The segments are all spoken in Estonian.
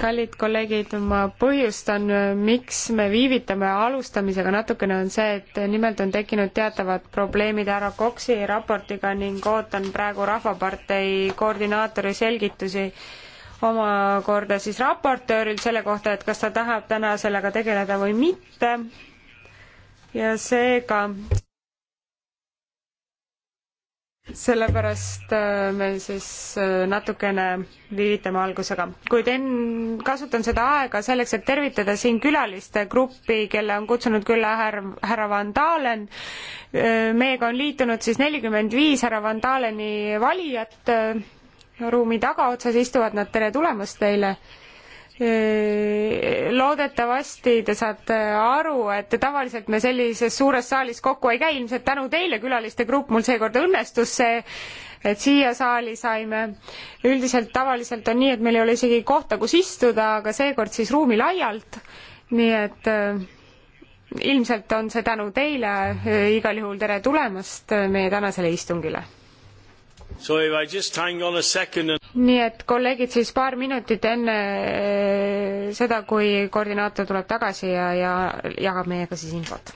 kallid kolleegid, ma põhjustan, miks me viivitame alustamisega natukene, on see, et nimelt on tekkinud teatavad probleemid härra Coxi raportiga ning ootan praegu Rahvapartei koordinaatori selgitusi omakorda siis raportööril selle kohta, et kas ta tahab täna sellega tegeleda või mitte. ja seega sellepärast äh, me siis äh, natukene viivitame algusega, kuid enn-, kasutan seda aega selleks, et tervitada siin külaliste gruppi, kelle on kutsunud külla härra, härra Van Dalen. Äh, meiega on liitunud siis nelikümmend viis härra Van Daleni valijat. ruumi tagaotsas istuvad nad, tere tulemast teile loodetavasti te saate aru, et tavaliselt me sellises suures saalis kokku ei käi, ilmselt tänu teile, külaliste grupp, mul seekord õnnestus see, et siia saali saime. üldiselt tavaliselt on nii, et meil ei ole isegi kohta, kus istuda, aga seekord siis ruumi laialt, nii et ilmselt on see tänu teile, igal juhul tere tulemast meie tänasele istungile nii et kolleegid siis paar minutit enne eh, seda, kui koordinaator tuleb tagasi ja, ja jagab meiega siis infot.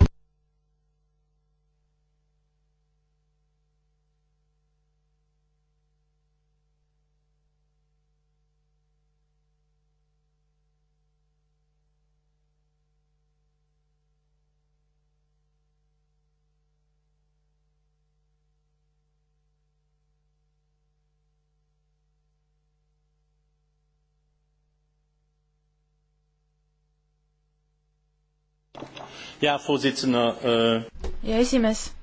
Äh, ja esimees.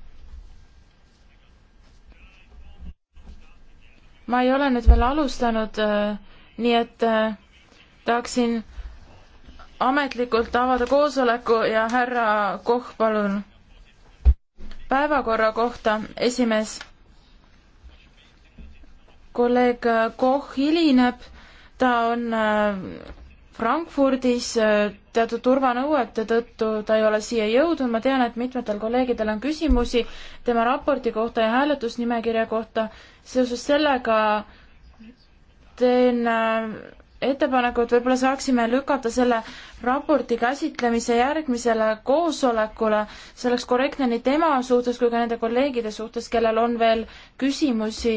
ma ei ole nüüd veel alustanud, äh, nii et äh, tahaksin ametlikult avada koosoleku ja härra Koch, palun. päevakorra kohta, esimees. kolleeg Koch hilineb, ta on Frankfurdis äh, teatud turvanõuete tõttu ta ei ole siia jõudnud, ma tean, et mitmetel kolleegidel on küsimusi tema raporti kohta ja hääletusnimekirja kohta. seoses sellega teen äh, ettepaneku, et võib-olla saaksime lükata selle raporti käsitlemise järgmisele koosolekule, see oleks korrektne nii tema suhtes kui ka nende kolleegide suhtes, kellel on veel küsimusi.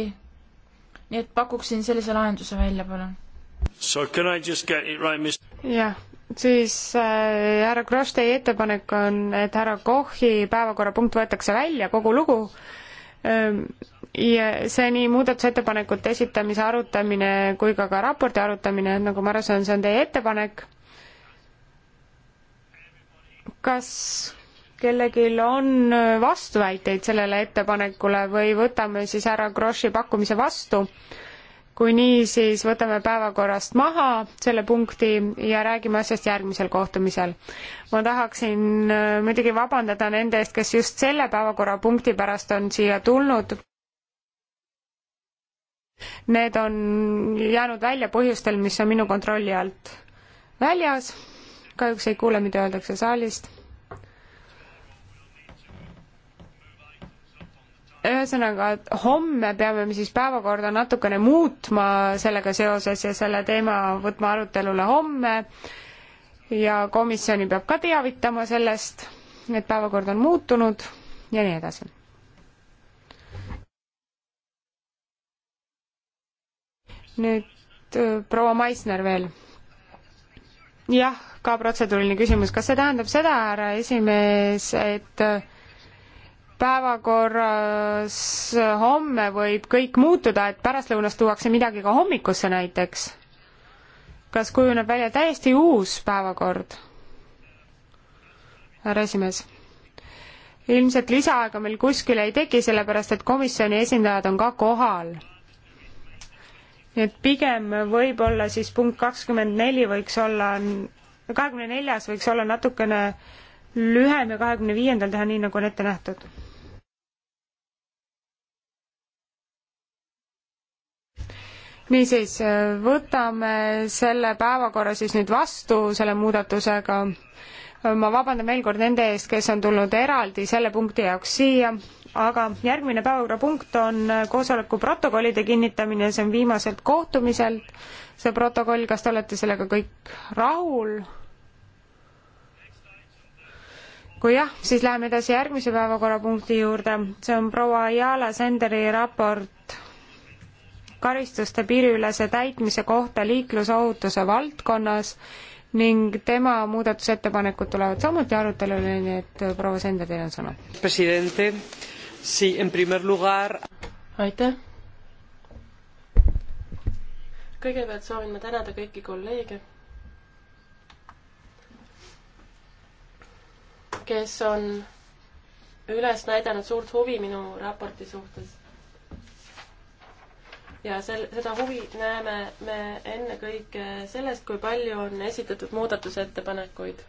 nii et pakuksin sellise lahenduse välja, palun Right, jah, siis äh, härra Kross, teie ettepanek on, et härra Kochi päevakorrapunkt võetakse välja, kogu lugu ähm,. ja see nii muudatusettepanekute esitamise arutamine kui ka ka raporti arutamine, et nagu ma aru saan, see on teie ettepanek. kas kellelgi on äh, vastuväiteid sellele ettepanekule või võtame siis härra Grossi pakkumise vastu? kui nii, siis võtame päevakorrast maha selle punkti ja räägime asjast järgmisel kohtumisel. ma tahaksin äh, muidugi vabandada nende eest, kes just selle päevakorrapunkti pärast on siia tulnud. Need on jäänud välja põhjustel, mis on minu kontrolli alt väljas. kahjuks ei kuule, mida öeldakse saalist ühesõnaga, et homme peame me siis päevakorda natukene muutma sellega seoses ja selle teema võtma arutelule homme ja komisjoni peab ka teavitama sellest, et päevakord on muutunud ja nii edasi. nüüd äh, proua Maisner veel. jah, ka protseduuriline küsimus, kas see tähendab seda, härra esimees, et äh, päevakorras homme võib kõik muutuda, et pärastlõunast tuuakse midagi ka hommikusse näiteks. kas kujuneb välja täiesti uus päevakord? härra esimees. ilmselt lisaaega meil kuskil ei teki, sellepärast et komisjoni esindajad on ka kohal. nii et pigem võib-olla siis punkt kakskümmend neli võiks olla, kahekümne neljas võiks olla natukene lühem ja kahekümne viiendal teha nii, nagu on ette nähtud niisiis, võtame selle päevakorra siis nüüd vastu selle muudatusega. ma vabandan veel kord nende eest, kes on tulnud eraldi selle punkti jaoks siia, aga järgmine päevakorrapunkt on koosoleku protokollide kinnitamine, see on viimaselt kohtumiselt, see protokoll, kas te olete sellega kõik rahul? kui jah, siis läheme edasi järgmise päevakorrapunkti juurde, see on proua Ayala Senderi raport karistuste piiriülese täitmise kohta liiklusohutuse valdkonnas ning tema muudatusettepanekud tulevad samuti arutelule, nii et proua Senda, teil on sõna. aitäh. kõigepealt soovin ma tänada kõiki kolleege, kes on üles näidanud suurt huvi minu raporti suhtes ja sel-, seda huvi näeme me ennekõike sellest, kui palju on esitatud muudatusettepanekuid.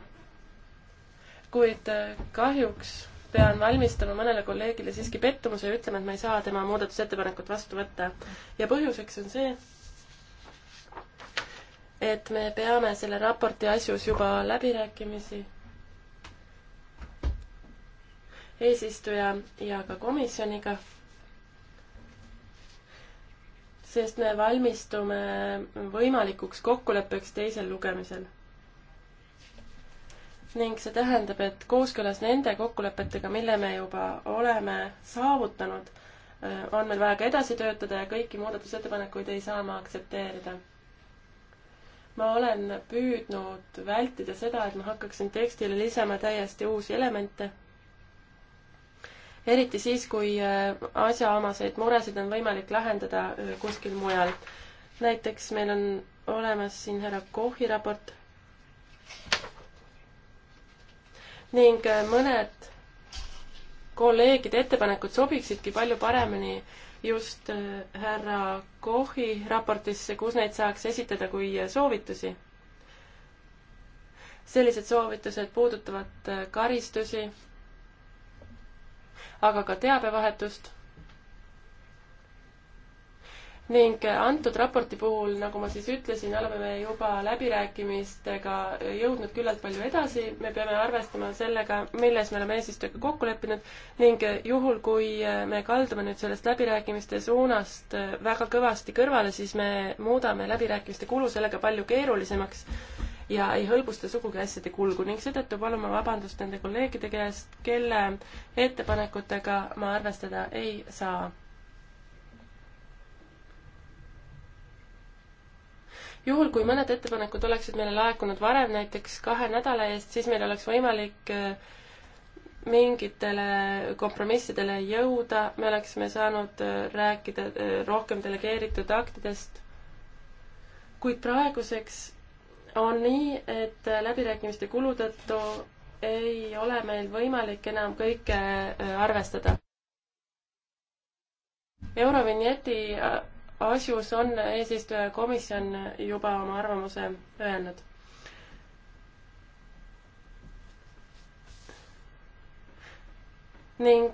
kuid äh, kahjuks pean valmistama mõnele kolleegile siiski pettumuse ja ütlema, et ma ei saa tema muudatusettepanekut vastu võtta. ja põhjuseks on see, et me peame selle raporti asjus juba läbirääkimisi eesistuja ja ka komisjoniga sest me valmistume võimalikuks kokkuleppeks teisel lugemisel. ning see tähendab, et kooskõlas nende kokkulepetega, mille me juba oleme saavutanud, äh, on meil vaja ka edasi töötada ja kõiki muudatusettepanekuid ei saa ma aktsepteerida. ma olen püüdnud vältida seda, et ma hakkaksin tekstile lisama täiesti uusi elemente eriti siis, kui äh, asjaomaseid muresid on võimalik lahendada äh, kuskil mujal. näiteks meil on olemas siin härra Kohi raport ning äh, mõned kolleegide ettepanekud sobiksidki palju paremini just härra Kohi raportisse, kus neid saaks esitada kui soovitusi. sellised soovitused puudutavad karistusi aga ka teabevahetust. ning antud raporti puhul, nagu ma siis ütlesin, oleme me juba läbirääkimistega jõudnud küllalt palju edasi, me peame arvestama sellega, milles me oleme eesistujaga kokku leppinud ning juhul, kui me kaldume nüüd sellest läbirääkimiste suunast väga kõvasti kõrvale, siis me muudame läbirääkimiste kulu sellega palju keerulisemaks ja ei hõlbusta sugugi asjade kulgu ning seetõttu palume vabandust nende kolleegide käest, kelle ettepanekutega ma arvestada ei saa. juhul, kui mõned ettepanekud oleksid meile laekunud varem, näiteks kahe nädala eest, siis meil oleks võimalik äh, mingitele kompromissidele jõuda, me oleksime saanud äh, rääkida äh, rohkem delegeeritud aktidest, kuid praeguseks on nii, et läbirääkimiste kulu tõttu ei ole meil võimalik enam kõike äh, arvestada. Eurovinjeti äh, asjus on eesistuja komisjon juba oma arvamuse öelnud. ning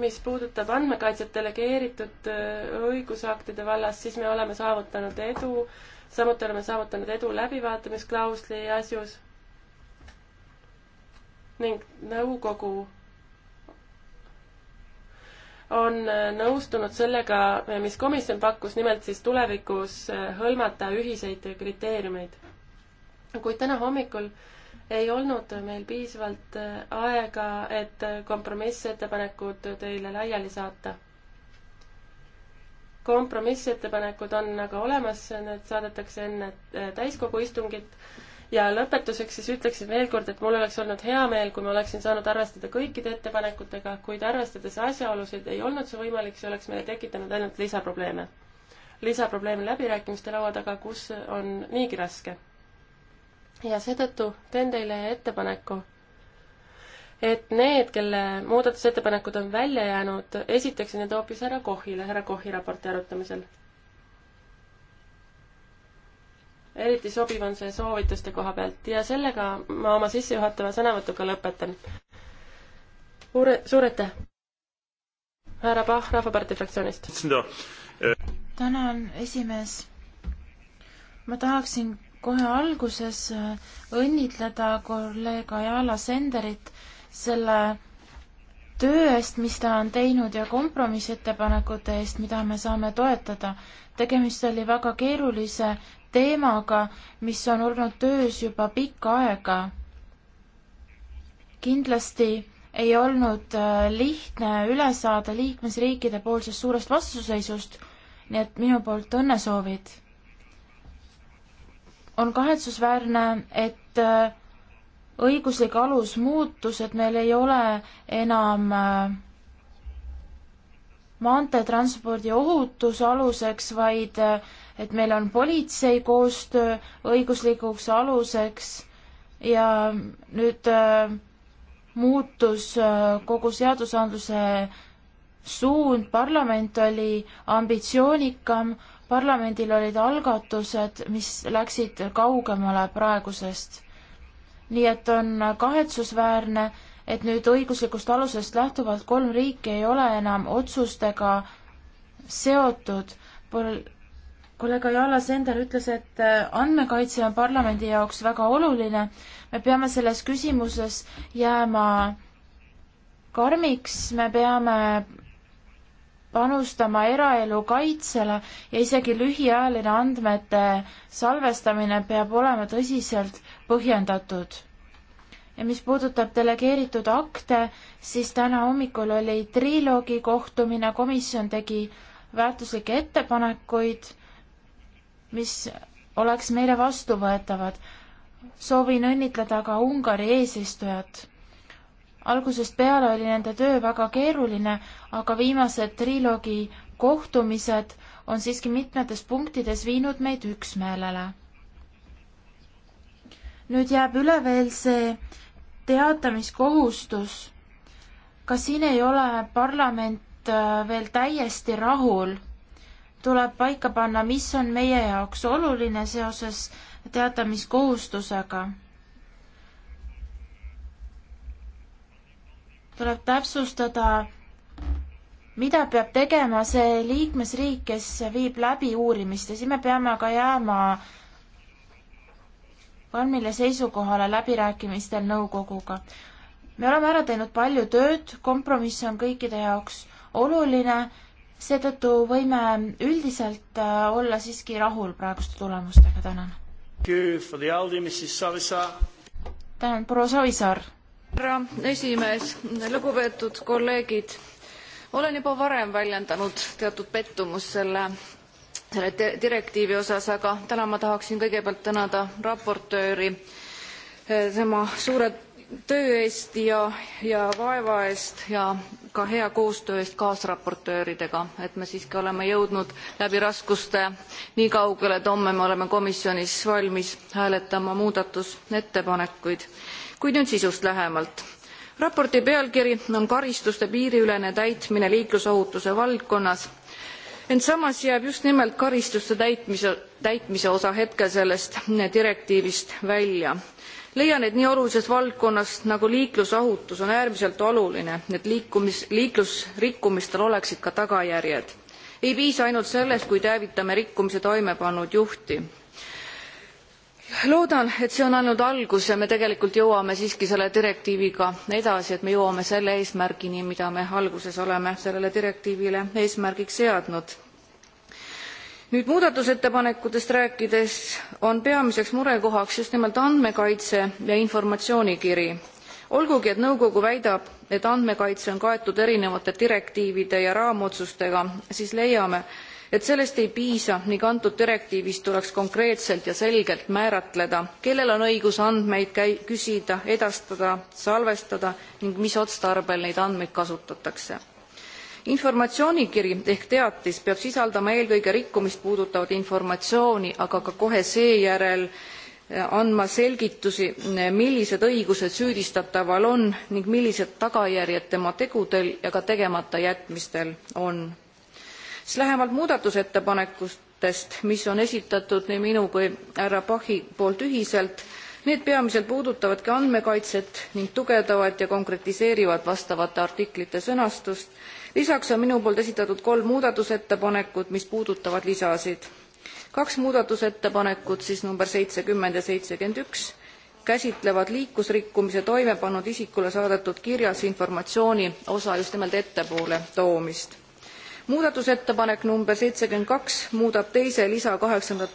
mis puudutab andmekaitset delegeeritud äh, õigusaktide vallas, siis me oleme saavutanud edu äh, samuti oleme saavutanud edu läbivaatamisklausli asjus ning nõukogu on nõustunud sellega, mis komisjon pakkus, nimelt siis tulevikus hõlmata ühiseid kriteeriumeid. kuid täna hommikul ei olnud meil piisavalt aega, et kompromissettepanekud teile laiali saata kompromissettepanekud on aga olemas, need saadetakse enne äh, täiskogu istungit. ja lõpetuseks siis ütleksin veel kord, et mul oleks olnud hea meel, kui ma oleksin saanud arvestada kõikide ettepanekutega, kuid arvestades asjaolusid, ei olnud see võimalik, see oleks meile tekitanud ainult lisaprobleeme. lisaprobleeme läbirääkimiste laua taga, kus on niigi raske. ja seetõttu teen teile ettepaneku et need, kelle muudatusettepanekud on välja jäänud, esitaksin need hoopis härra Kohile, härra Kohi raporti arutamisel. eriti sobiv on see soovituste koha pealt ja sellega ma oma sissejuhatava sõnavõtuga lõpetan. suure, suur aitäh! härra Pahh Rahvapartei fraktsioonist. tänan, esimees. ma tahaksin kohe alguses äh, õnnitleda kolleeg Ajala Senderit selle töö eest, mis ta on teinud ja kompromissettepanekute eest, mida me saame toetada. tegemist oli väga keerulise teemaga, mis on olnud töös juba pikka aega. kindlasti ei olnud äh, lihtne üle saada liikmesriikide poolsest suurest vastuseisust, nii et minu poolt õnnesoovid. on kahetsusväärne, et äh, õiguslik alus muutus, et meil ei ole enam äh, maanteetranspordi ohutuse aluseks, vaid äh, et meil on politsei koostöö õiguslikuks aluseks ja nüüd äh, muutus kogu seadusandluse suund, parlament oli ambitsioonikam, parlamendil olid algatused, mis läksid kaugemale praegusest nii et on kahetsusväärne, et nüüd õiguslikust alusest lähtuvalt kolm riiki ei ole enam otsustega seotud Pol. kolleeg Ayala Sender ütles, et äh, andmekaitse on parlamendi jaoks väga oluline. me peame selles küsimuses jääma karmiks, me peame panustama eraelu kaitsele ja isegi lühiajaline andmete salvestamine peab olema tõsiselt põhjendatud. ja mis puudutab delegeeritud akte, siis täna hommikul oli triloogi kohtumine, komisjon tegi väärtuslikke ettepanekuid, mis oleks meile vastuvõetavad. soovin õnnitleda ka Ungari eesistujat algusest peale oli nende töö väga keeruline, aga viimased triloogi kohtumised on siiski mitmetes punktides viinud meid üksmeelele nüüd jääb üle veel see teatamiskohustus. kas siin ei ole parlament äh, veel täiesti rahul? tuleb paika panna, mis on meie jaoks oluline seoses teatamiskohustusega. tuleb täpsustada, mida peab tegema see liikmesriik, kes viib läbi uurimist ja siin me peame ka jääma äh, valmile seisukohale läbirääkimistel nõukoguga. me oleme ära teinud palju tööd, kompromiss on kõikide jaoks oluline, seetõttu võime üldiselt äh, olla siiski rahul praeguste tulemustega, tänan. tänan, proua Savisaar. härra esimees, lugupeetud kolleegid, olen juba varem väljendanud teatud pettumust selle selle direktiivi osas aga täna ma tahaksin kõigepealt tänada raportööri eh, tema suure töö eest ja ja vaeva eest ja ka hea koostöö eest kaasraportööridega et me siiski oleme jõudnud läbi raskuste nii kaugele et homme me oleme komisjonis valmis hääletama muudatusettepanekuid kuid nüüd sisust lähemalt raporti pealkiri on karistuste piiriülene täitmine liiklusohutuse valdkonnas ent samas jääb just nimelt karistuste täitmise, täitmise osa hetkel sellest direktiivist välja. leian et nii olulises valdkonnas nagu liiklusohutus on äärmiselt oluline et liikumis, liiklusrikkumistel oleksid ka tagajärjed. ei piisa ainult sellest kui teavitame rikkumise toime pannud juhti loodan et see on ainult algus ja me tegelikult jõuame siiski selle direktiiviga edasi et me jõuame selle eesmärgini mida me alguses oleme sellele direktiivile eesmärgiks seadnud. nüüd muudatusettepanekutest rääkides on peamiseks murekohaks just nimelt andmekaitse ja informatsioonikiri olgugi et nõukogu väidab et andmekaitse on kaetud erinevate direktiivide ja raamotsustega siis leiame et sellest ei piisa ning antud direktiivis tuleks konkreetselt ja selgelt määratleda kellel on õigus andmeid käi- küsida edastada salvestada ning mis otstarbel neid andmeid kasutatakse informatsioonikiri ehk teatis peab sisaldama eelkõige rikkumist puudutavat informatsiooni aga ka kohe seejärel eh, andma selgitusi millised õigused süüdistataval on ning millised tagajärjed tema tegudel ja ka tegematajätmistel on siis lähemalt muudatusettepanekutest mis on esitatud nii minu kui härra bachi poolt ühiselt need peamiselt puudutavadki andmekaitset ning tugevdavad ja konkretiseerivad vastavate artiklite sõnastust lisaks on minu poolt esitatud kolm muudatusettepanekut mis puudutavad lisasid kaks muudatusettepanekut siis number ja käsitlevad liiklusrikkumise toime pannud isikule saadetud kirjas informatsiooni osa just nimelt ettepoole toomist muudatusettepanek nr muudab teise lisa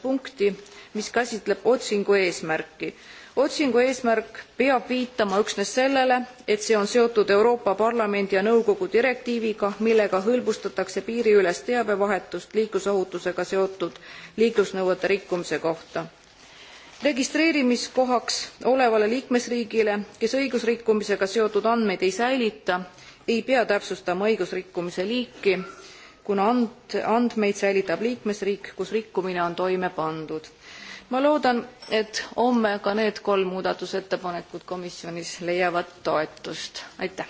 punkti mis käsitleb otsingu eesmärki. otsingu eesmärk peab viitama üksnes sellele et see on seotud euroopa parlamendi ja nõukogu direktiiviga millega hõlbustatakse piiriülest teabevahetust liiklusohutusega seotud liiklusnõuete rikkumise kohta registreerimiskohaks olevale liikmesriigile kes õigusrikkumisega seotud andmeid ei säilita ei pea täpsustama õigusrikkumise liiki kuna and, andmeid säilitab liikmesriik kus rikkumine on toime pandud. ma loodan et homme ka need kolm muudatusettepanekut komisjonis leiavad toetust. aitäh!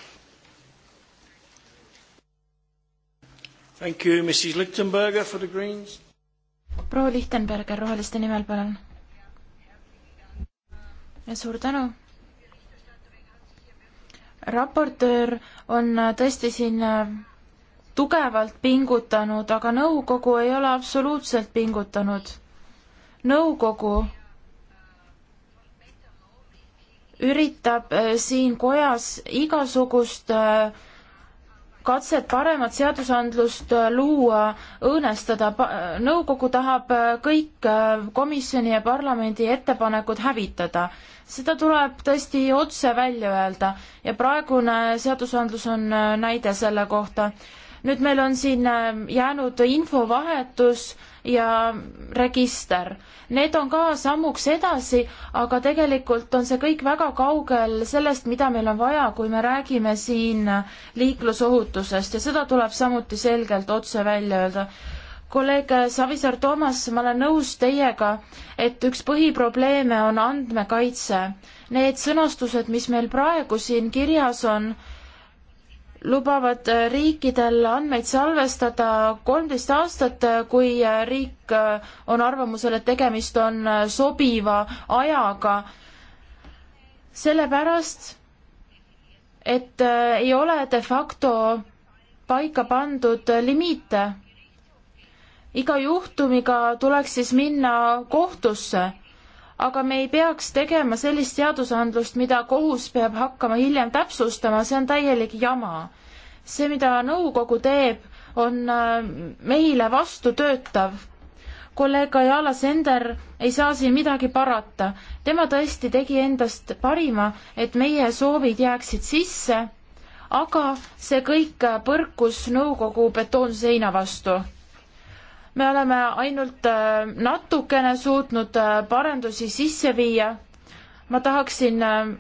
proua Lichtenberger Roheliste nimel, palun. suur tänu raportöör on tõesti siin äh, tugevalt pingutanud, aga nõukogu ei ole absoluutselt pingutanud. nõukogu üritab äh, siin kojas igasugust äh, katset paremat seadusandlust äh, luua, õõnestada, nõukogu tahab kõik komisjoni ja parlamendi ettepanekud hävitada. seda tuleb tõesti otse välja öelda ja praegune seadusandlus on näide selle kohta nüüd meil on siin ähm, jäänud infovahetus ja register. Need on ka sammuks edasi, aga tegelikult on see kõik väga kaugel sellest, mida meil on vaja, kui me räägime siin liiklusohutusest ja seda tuleb samuti selgelt otse välja öelda kolleeg Savisaar Toomas, ma olen nõus teiega, et üks põhiprobleeme on andmekaitse. Need sõnastused, mis meil praegu siin kirjas on, lubavad äh, riikidel andmeid salvestada kolmteist aastat, äh, kui äh, riik on arvamusel, et tegemist on sobiva ajaga. sellepärast, et ei ole de facto paika pandud limiite. iga juhtumiga tuleks siis minna kohtusse aga me ei peaks tegema sellist seadusandlust, mida kohus peab hakkama hiljem täpsustama, see on täielik jama. see, mida nõukogu teeb, on äh, meile vastutöötav. kolleeg Ajala Sender ei saa siin midagi parata, tema tõesti tegi endast parima, et meie soovid jääksid sisse, aga see kõik põrkus nõukogu betoonseina vastu me oleme ainult äh, natukene suutnud äh, parendusi sisse viia. ma tahaksin äh,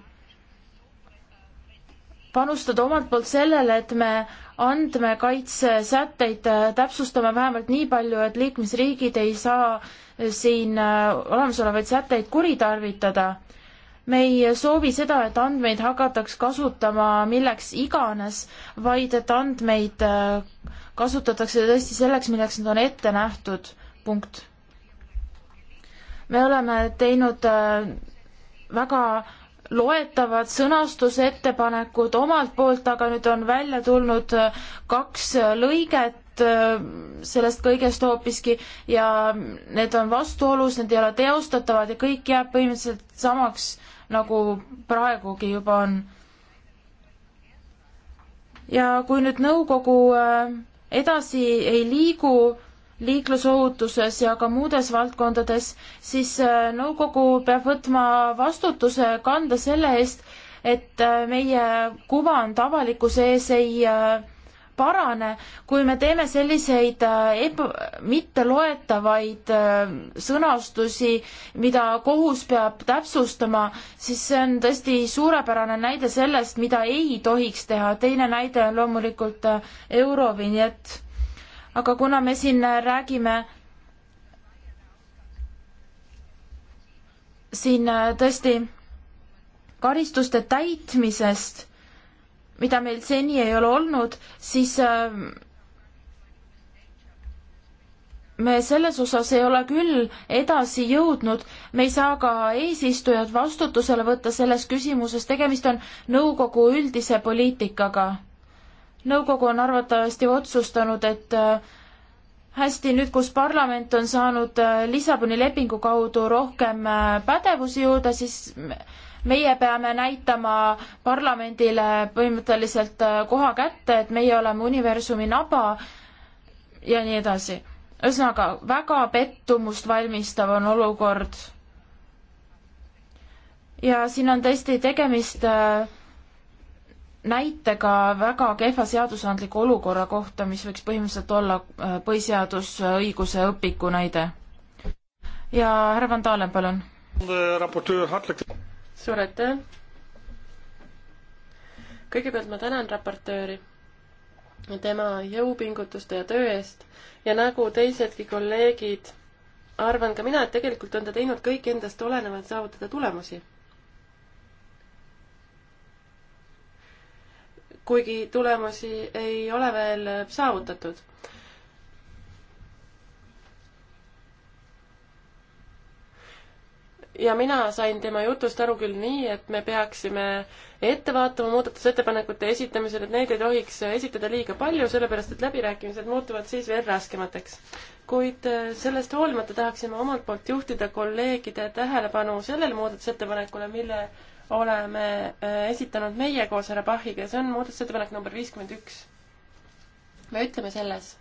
panustada omalt poolt sellele, et me andmekaitsesätteid täpsustame vähemalt nii palju, et liikmesriigid ei saa siin olemasolevaid sätteid kuritarvitada. me ei soovi seda, et andmeid hakataks kasutama milleks iganes, vaid et andmeid kasutatakse tõesti selleks, milleks nad on ette nähtud, punkt. me oleme teinud äh, väga loetavad sõnastusettepanekud omalt poolt, aga nüüd on välja tulnud äh, kaks äh, lõiget sellest kõigest hoopiski ja need on vastuolus, need ei ole teostatavad ja kõik jääb põhimõtteliselt samaks, nagu praegugi juba on. ja kui nüüd nõukogu äh, edasi ei liigu liiklusohutuses ja ka muudes valdkondades, siis äh, nõukogu peab võtma vastutuse kanda selle eest, et äh, meie kuvand avalikkuse ees ei äh, parane, kui me teeme selliseid äh, eba, mitteloetavaid äh, sõnastusi, mida kohus peab täpsustama, siis see on tõesti suurepärane näide sellest, mida ei tohiks teha. teine näide on loomulikult äh, Eurovinjett. aga kuna me siin räägime siin tõesti karistuste täitmisest mida meil seni ei ole olnud, siis äh, me selles osas ei ole küll edasi jõudnud, me ei saa ka eesistujad vastutusele võtta selles küsimuses, tegemist on nõukogu üldise poliitikaga. nõukogu on arvatavasti otsustanud, et äh, hästi, nüüd kus parlament on saanud äh, Lissaboni lepingu kaudu rohkem pädevusi juurde, siis meie peame näitama parlamendile põhimõtteliselt äh, koha kätte, et meie oleme universumi naba ja nii edasi. ühesõnaga, väga pettumust valmistav on olukord. ja siin on tõesti tegemist äh, näitega väga kehva seadusandliku olukorra kohta, mis võiks põhimõtteliselt olla äh, põhiseadusõiguse õpiku näide. ja härra Van Dalen, palun suur aitäh! kõigepealt ma tänan raportööri tema jõupingutuste ja töö eest ja nagu teisedki kolleegid, arvan ka mina, et tegelikult on ta teinud kõik endast olenevat saavutada tulemusi. kuigi tulemusi ei ole veel saavutatud ja mina sain tema jutust aru küll nii, et me peaksime ette vaatama muudatusettepanekute esitamisel, et neid ei tohiks esitada liiga palju, sellepärast et läbirääkimised muutuvad siis veel raskemateks. kuid äh, sellest hoolimata tahaksin ma omalt poolt juhtida kolleegide tähelepanu sellele muudatusettepanekule, mille oleme äh, esitanud meie koos härra Pahiga ja see on muudatusettepanek number viiskümmend üks. me ütleme selles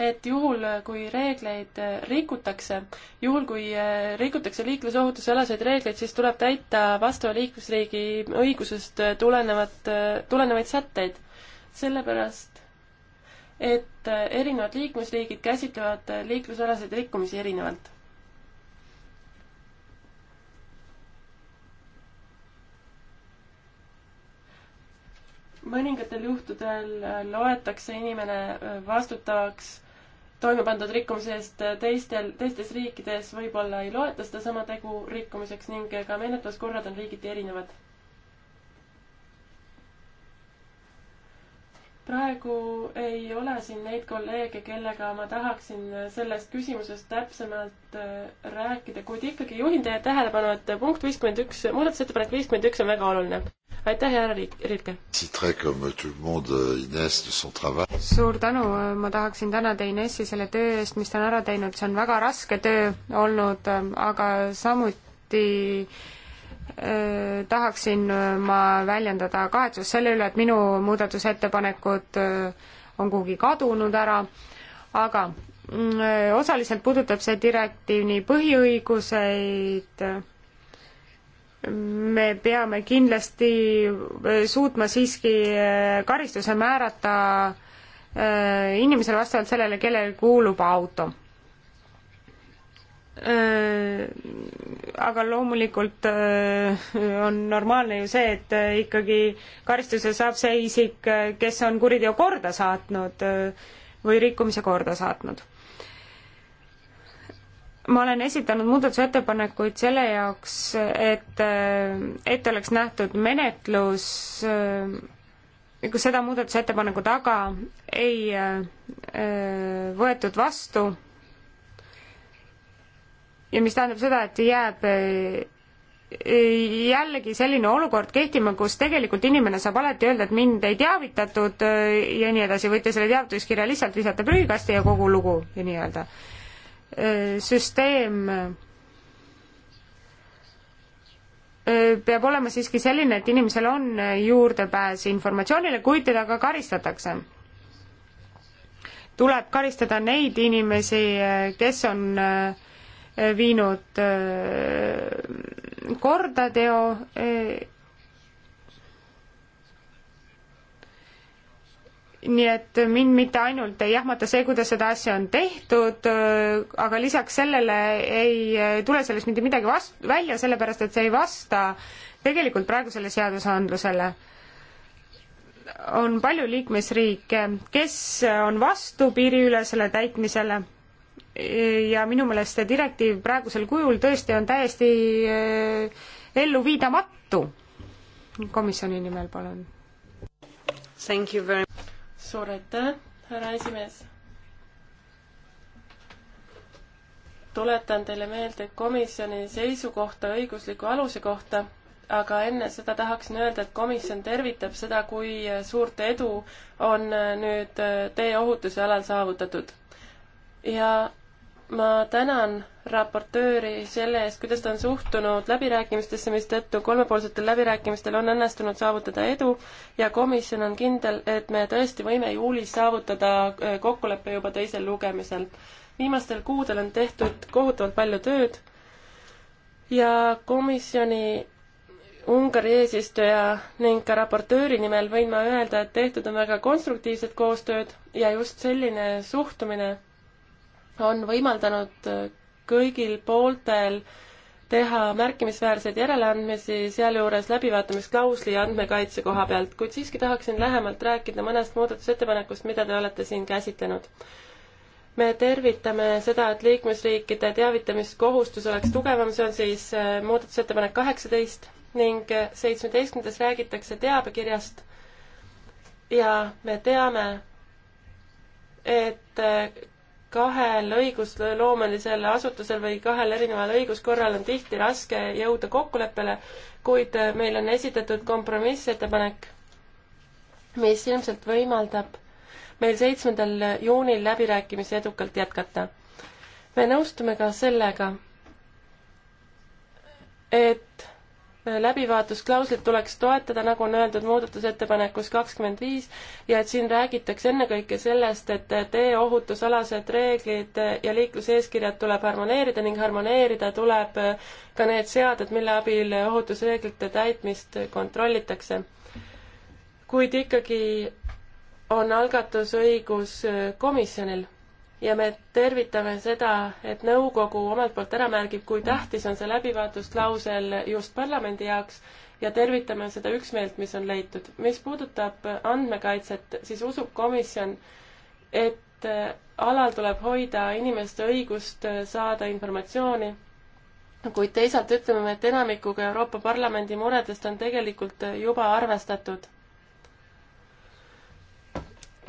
et juhul, kui reegleid äh, rikutakse, juhul kui äh, rikutakse liiklusohutusalaseid reegleid, siis tuleb täita vastava liiklusriigi õigusest äh, tulenevat, tulenevaid sätteid. sellepärast, et erinevad liikmesriigid käsitlevad liiklusalaseid rikkumisi erinevalt mõningatel juhtudel loetakse inimene vastutavaks toime pandud rikkumise eest teistel, teistes riikides võib-olla ei loeta sedasama tegu rikkumiseks ning ka menetluskorrad on riigiti erinevad. praegu ei ole siin neid kolleege, kellega ma tahaksin sellest küsimusest täpsemalt äh, rääkida, kuid ikkagi juhin teie tähelepanu, et punkt viiskümmend üks, muudatusettepanek viiskümmend üks on väga oluline. aitäh, härra Rilke! Euh, suur tänu, äh, ma tahaksin tänada Inessi selle töö eest, mis ta on ära teinud, see on väga raske töö olnud, äh, aga samuti tahaksin ma väljendada kahetsust selle üle, et minu muudatusettepanekud on kuhugi kadunud ära, aga mm, osaliselt puudutab see direktiiv nii põhiõiguseid, me peame kindlasti suutma siiski karistuse määrata inimesele vastavalt sellele, kellele kuulub auto Äh, aga loomulikult äh, on normaalne ju see, et äh, ikkagi karistuse saab see isik, kes on kuriteo korda saatnud või rikkumise korda saatnud. ma olen esitanud muudatusettepanekuid selle jaoks, et ette oleks nähtud menetlus, kus seda muudatusettepaneku taga ei võetud vastu ja mis tähendab seda, et jääb eh, jällegi selline olukord kehtima, kus tegelikult inimene saab alati öelda, et mind ei teavitatud eh, ja nii edasi, võite selle teavituskirja lihtsalt visata prügikasti ja kogu lugu ja nii-öelda. Eh, süsteem peab olema siiski selline, et inimesel on juurdepääs informatsioonile, kuid teda ka karistatakse. tuleb karistada neid inimesi, kes on äh, viinud äh, korda teo äh, nii et mind mitte ainult ei jahmata see, kuidas seda asja on tehtud, äh, aga lisaks sellele ei tule sellest mitte midagi vast-, välja, sellepärast et see ei vasta tegelikult praegusele seadusandlusele. on palju liikmesriike, kes on vastu piiriülesele täitmisele ja minu meelest see direktiiv praegusel kujul tõesti on täiesti äh, elluviidamatu. komisjoni nimel, palun. suur aitäh, härra esimees tuletan teile meelde komisjoni seisukohta õigusliku aluse kohta, aga enne seda tahaksin öelda, et komisjon tervitab seda, kui suurt edu on nüüd teeohutuse alal saavutatud. ja ma tänan raportööri selle eest, kuidas ta on suhtunud läbirääkimistesse, mistõttu kolmepoolsetel läbirääkimistel on õnnestunud saavutada edu ja komisjon on kindel, et me tõesti võime juulis saavutada äh, kokkuleppe juba teisel lugemisel. viimastel kuudel on tehtud kohutavalt palju tööd ja komisjoni Ungari eesistuja ning ka raportööri nimel võin ma öelda, et tehtud on väga konstruktiivset koostööd ja just selline suhtumine on võimaldanud kõigil pooltel teha märkimisväärseid järeleandmisi, sealjuures läbivaatamisklausli andmekaitse koha pealt, kuid siiski tahaksin lähemalt rääkida mõnest muudatusettepanekust, mida te olete siin käsitlenud. me tervitame seda, et liikmesriikide teavitamiskohustus oleks tugevam, see on siis äh, muudatusettepanek kaheksateist ning seitsmeteistkümnendas räägitakse teabekirjast ja me teame, et äh, kahel õigusloomelisel asutusel või kahel erineval õiguskorral on tihti raske jõuda kokkuleppele, kuid äh, meil on esitatud kompromissettepanek, mis ilmselt võimaldab meil seitsmendal juunil läbirääkimisi edukalt jätkata. me nõustume ka sellega, et läbivaatusklauslit tuleks toetada, nagu on öeldud muudatusettepanekus kakskümmend viis, ja et siin räägitakse ennekõike sellest, et teeohutusalased reeglid ja liikluseeskirjad tuleb harmoneerida ning harmoneerida tuleb ka need seaded, mille abil ohutusreeglite täitmist kontrollitakse. kuid ikkagi on algatusõigus komisjonil ja me tervitame seda, et nõukogu omalt poolt ära märgib, kui tähtis on see läbivaatusklausel just parlamendi jaoks ja tervitame seda üksmeelt, mis on leitud. mis puudutab andmekaitset, siis usub komisjon, et äh, alal tuleb hoida inimeste õigust äh, saada informatsiooni, kuid teisalt ütleme, et enamikuga Euroopa Parlamendi muredest on tegelikult äh, juba arvestatud.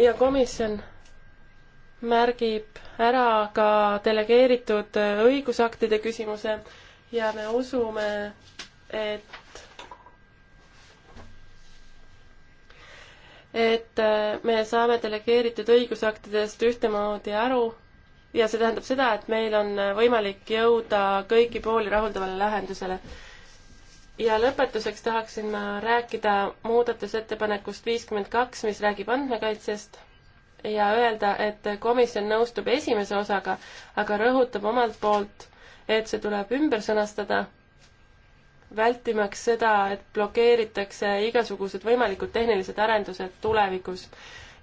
ja komisjon märgib ära ka delegeeritud õigusaktide küsimuse ja me usume, et et äh, me saame delegeeritud õigusaktidest ühtemoodi aru ja see tähendab seda, et meil on võimalik jõuda kõiki pooli rahuldavale lahendusele. ja lõpetuseks tahaksin ma rääkida muudatusettepanekust viiskümmend kaks, mis räägib andmekaitsest ja öelda, et komisjon nõustub esimese osaga, aga rõhutab omalt poolt, et see tuleb ümber sõnastada, vältimaks seda, et blokeeritakse igasugused võimalikud tehnilised arendused tulevikus.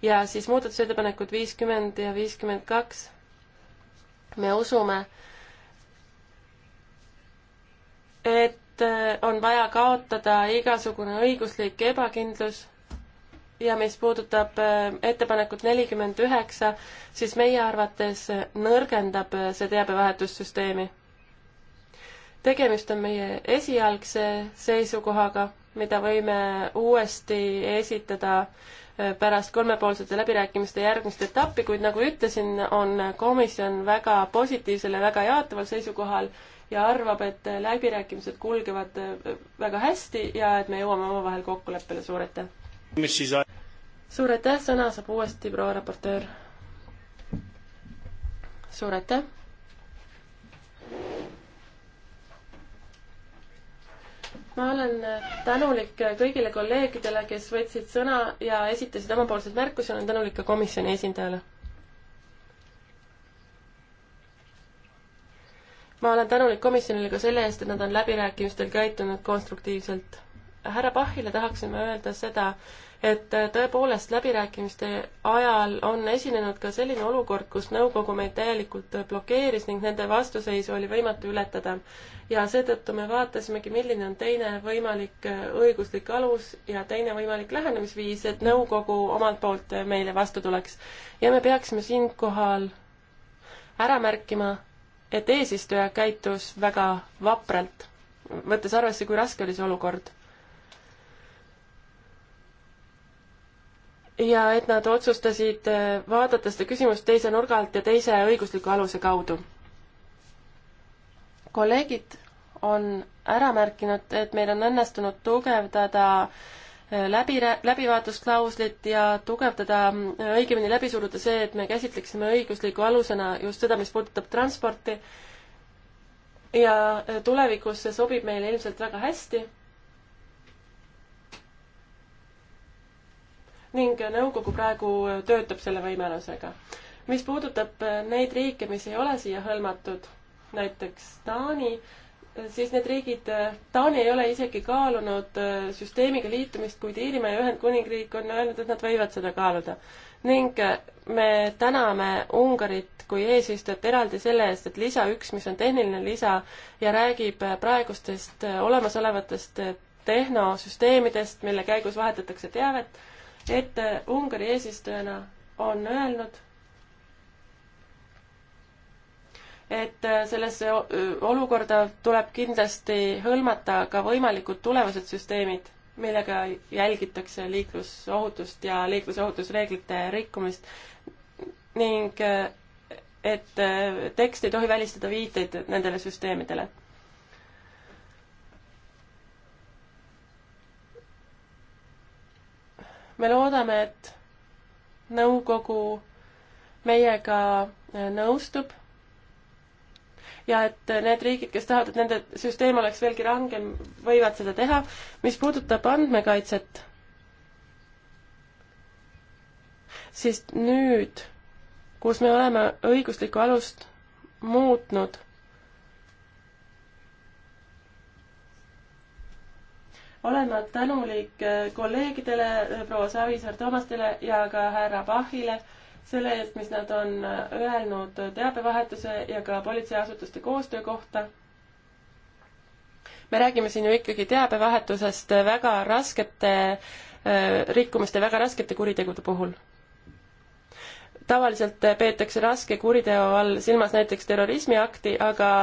ja siis muudatusettepanekud viiskümmend ja viiskümmend kaks. me usume, et on vaja kaotada igasugune õiguslik ebakindlus ja mis puudutab äh, ettepanekut nelikümmend üheksa, siis meie arvates nõrgendab äh, see teabevahetussüsteemi. tegemist on meie esialgse seisukohaga, mida võime uuesti esitada äh, pärast kolmepoolsete läbirääkimiste järgmist etappi, kuid nagu ütlesin, on komisjon väga positiivsel ja väga jaataval seisukohal ja arvab, et läbirääkimised kulgevad väga hästi ja et me jõuame omavahel kokkuleppele, suur aitäh! suur aitäh, sõna saab uuesti proua raportöör. suur aitäh. ma olen tänulik kõigile kolleegidele, kes võtsid sõna ja esitasid omapoolseid märkusi, olen tänulik ka komisjoni esindajale. ma olen tänulik komisjonile ka selle eest, et nad on läbirääkimistel käitunud konstruktiivselt härra Pahile tahaksime öelda seda, et äh, tõepoolest läbirääkimiste ajal on esinenud ka selline olukord, kus nõukogu meid täielikult äh, blokeeris ning nende vastuseisu oli võimatu ületada. ja seetõttu me vaatasimegi, milline on teine võimalik äh, õiguslik alus ja teine võimalik lähenemisviis, et nõukogu omalt poolt meile vastu tuleks. ja me peaksime siinkohal ära märkima, et eesistuja käitus väga vapralt, võttes arvesse, kui raske oli see olukord ja et nad otsustasid äh, vaadata seda küsimust teise nurga alt ja teise õigusliku aluse kaudu. kolleegid on ära märkinud, et meil on õnnestunud tugevdada äh, läbi, läbivaatusklauslit ja tugevdada, äh, õigemini läbi suruda see, et me käsitleksime õigusliku alusena just seda, mis puudutab transporti. ja tulevikus see sobib meile ilmselt väga hästi ning nõukogu praegu töötab selle võimalusega. mis puudutab äh, neid riike, mis ei ole siia hõlmatud, näiteks Taani, äh, siis need riigid, äh, Taani ei ole isegi kaalunud süsteemiga liitumist, kuid Iirimaa ja Ühendkuningriik on öelnud, et nad võivad seda kaaluda. ning me täname Ungarit kui eesistujat eraldi selle eest, et lisa üks, mis on tehniline lisa ja räägib praegustest olemasolevatest tehnosüsteemidest, mille käigus vahetatakse teavet et äh, Ungari eesistujana on öelnud, et äh, sellesse äh, olukorda tuleb kindlasti hõlmata ka võimalikud tulevased süsteemid, millega jälgitakse liiklusohutust ja liiklusohutusreeglite rikkumist ning et tekst ei tohi välistada viiteid nendele süsteemidele. me loodame, et nõukogu meiega äh, nõustub ja et need riigid, kes tahavad, et nende süsteem oleks veelgi rangem, võivad seda teha. mis puudutab andmekaitset, siis nüüd, kus me oleme õiguslikku alust muutnud olen ma tänulik äh, kolleegidele, äh, proua Savisaar Toomastele ja ka härra Pahile selle eest, mis nad on äh, öelnud teabevahetuse ja ka politseiasutuste koostöö kohta. me räägime siin ju ikkagi teabevahetusest väga raskete rikkumiste, väga raskete kuritegude puhul tavaliselt peetakse raske kuriteo all silmas näiteks terrorismiakti, aga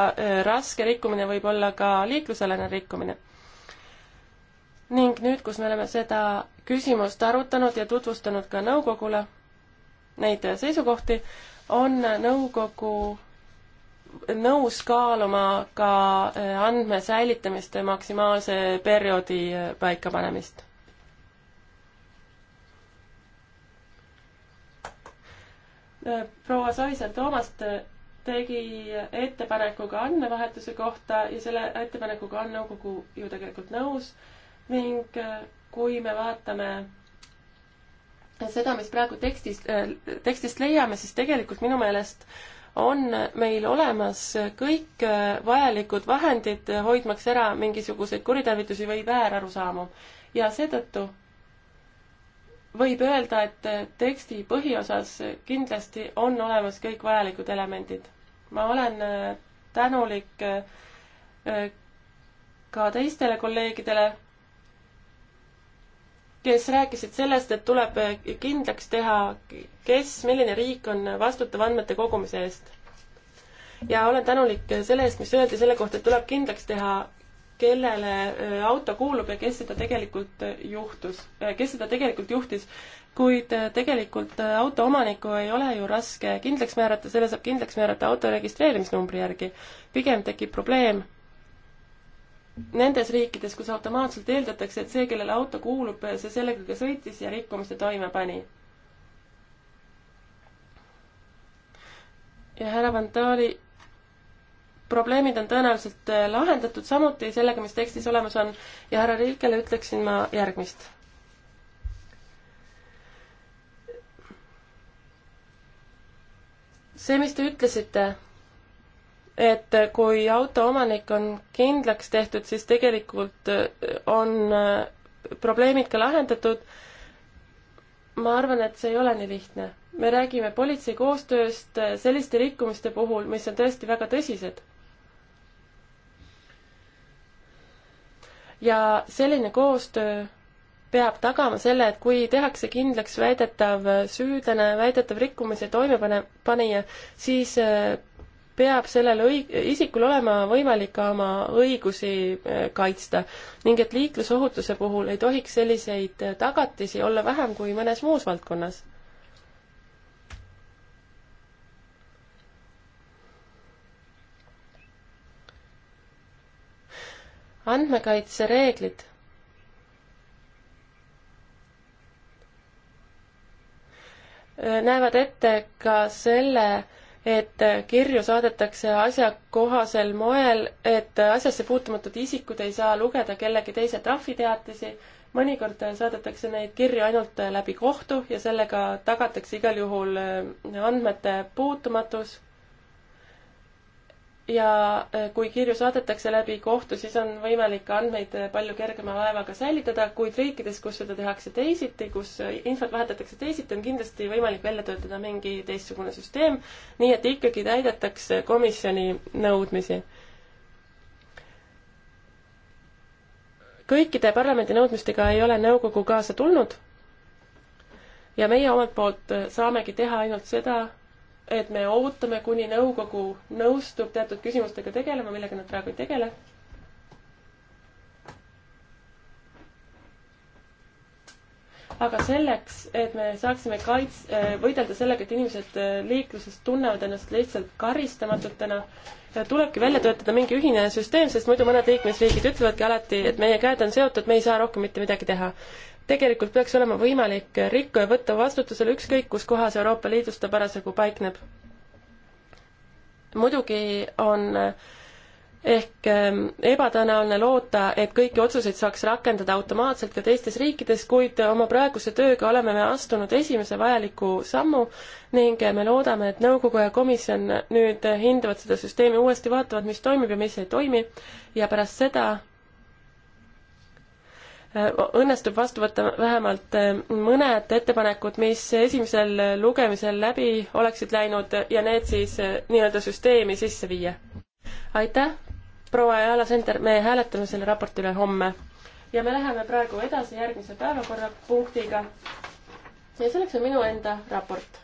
raske rikkumine võib olla ka liiklusalane rikkumine ning nüüd, kus me oleme seda küsimust arutanud ja tutvustanud ka nõukogule, neid seisukohti, on nõukogu nõus kaaluma ka eh, andme säilitamist ja maksimaalse perioodi eh, paikapanemist. Eh, proua Soisel Toomast tegi ettepaneku ka andmevahetuse kohta ja selle ettepanekuga on nõukogu ju tegelikult nõus ning äh, kui me vaatame seda, mis praegu tekstist, äh, tekstist leiame, siis tegelikult minu meelest on meil olemas kõik äh, vajalikud vahendid, hoidmaks ära mingisuguseid kuritarvitusi või väärarusaamu. ja seetõttu võib öelda, et teksti põhiosas kindlasti on olemas kõik vajalikud elemendid. ma olen tänulik ka teistele kolleegidele kes rääkisid sellest, et tuleb kindlaks teha, kes, milline riik on vastutav andmete kogumise eest. ja olen tänulik selle eest, mis öeldi selle kohta, et tuleb kindlaks teha, kellele äh, auto kuulub ja kes seda tegelikult äh, juhtus, äh, kes seda tegelikult juhtis. kuid tegelikult auto omanikku ei ole ju raske kindlaks määrata, selle saab kindlaks määrata auto registreerimisnumbri järgi. pigem tekib probleem nendes riikides, kus automaatselt eeldatakse, et see, kellele auto kuulub, see sellega ka sõitis ja rikkumiste toime pani. ja härra Vantaali probleemid on tõenäoliselt äh, lahendatud samuti sellega, mis tekstis olemas on ja härra Riikele ütleksin ma järgmist. see, mis te ütlesite et kui auto omanik on kindlaks tehtud, siis tegelikult äh, on äh, probleemid ka lahendatud. ma arvan, et see ei ole nii lihtne. me räägime politsei koostööst äh, selliste rikkumiste puhul, mis on tõesti väga tõsised. ja selline koostöö peab tagama selle, et kui tehakse kindlaks väidetav süüdlane, väidetav rikkumise toimepanija, siis peab sellel õig-, isikul olema võimalik ka oma õigusi äh, kaitsta ning et liiklusohutuse puhul ei tohiks selliseid tagatisi olla vähem kui mõnes muus valdkonnas. andmekaitsereeglid äh, näevad ette ka selle, et kirju saadetakse asjakohasel moel, et asjasse puutumatud isikud ei saa lugeda kellegi teise trahviteatisi, mõnikord saadetakse neid kirju ainult läbi kohtu ja sellega tagatakse igal juhul andmete puutumatus ja äh, kui kirju saadetakse läbi kohtu, siis on võimalik andmeid äh, palju kergema vaevaga säilitada, kuid riikides, kus seda tehakse teisiti, kus äh, infot vahetatakse teisiti, on kindlasti võimalik välja töötada mingi teistsugune süsteem, nii et ikkagi täidetakse komisjoni nõudmisi. kõikide parlamendi nõudmistega ei ole nõukogu kaasa tulnud ja meie omalt poolt saamegi teha ainult seda, et me ootame, kuni nõukogu nõustub teatud küsimustega tegelema, millega nad praegu ei tegele. aga selleks, et me saaksime kaits-, äh, võidelda sellega, et inimesed äh, liikluses tunnevad ennast lihtsalt karistamatutena, tulebki välja töötada mingi ühine süsteem, sest muidu mõned liikmesriigid ütlevadki alati, et meie käed on seotud, me ei saa rohkem mitte midagi teha tegelikult peaks olema võimalik rikkuja võtta vastutusele ükskõik, kus kohas Euroopa Liidus ta parasjagu paikneb. muidugi on ehk ehm, ebatõenäoline loota, et kõiki otsuseid saaks rakendada automaatselt ka teistes riikides, kuid oma praeguse tööga oleme me astunud esimese vajaliku sammu ning me loodame, et nõukogu ja komisjon nüüd hindavad seda süsteemi uuesti, vaatavad, mis toimib ja mis ei toimi ja pärast seda õnnestub vastu võtta vähemalt eh, mõned ettepanekud, mis esimesel lugemisel läbi oleksid läinud ja need siis eh, nii-öelda süsteemi sisse viia. aitäh, proua Jala Sender, me hääletame selle raporti üle homme ja me läheme praegu edasi järgmise päevakorrapunktiga. ja selleks on minu enda raport.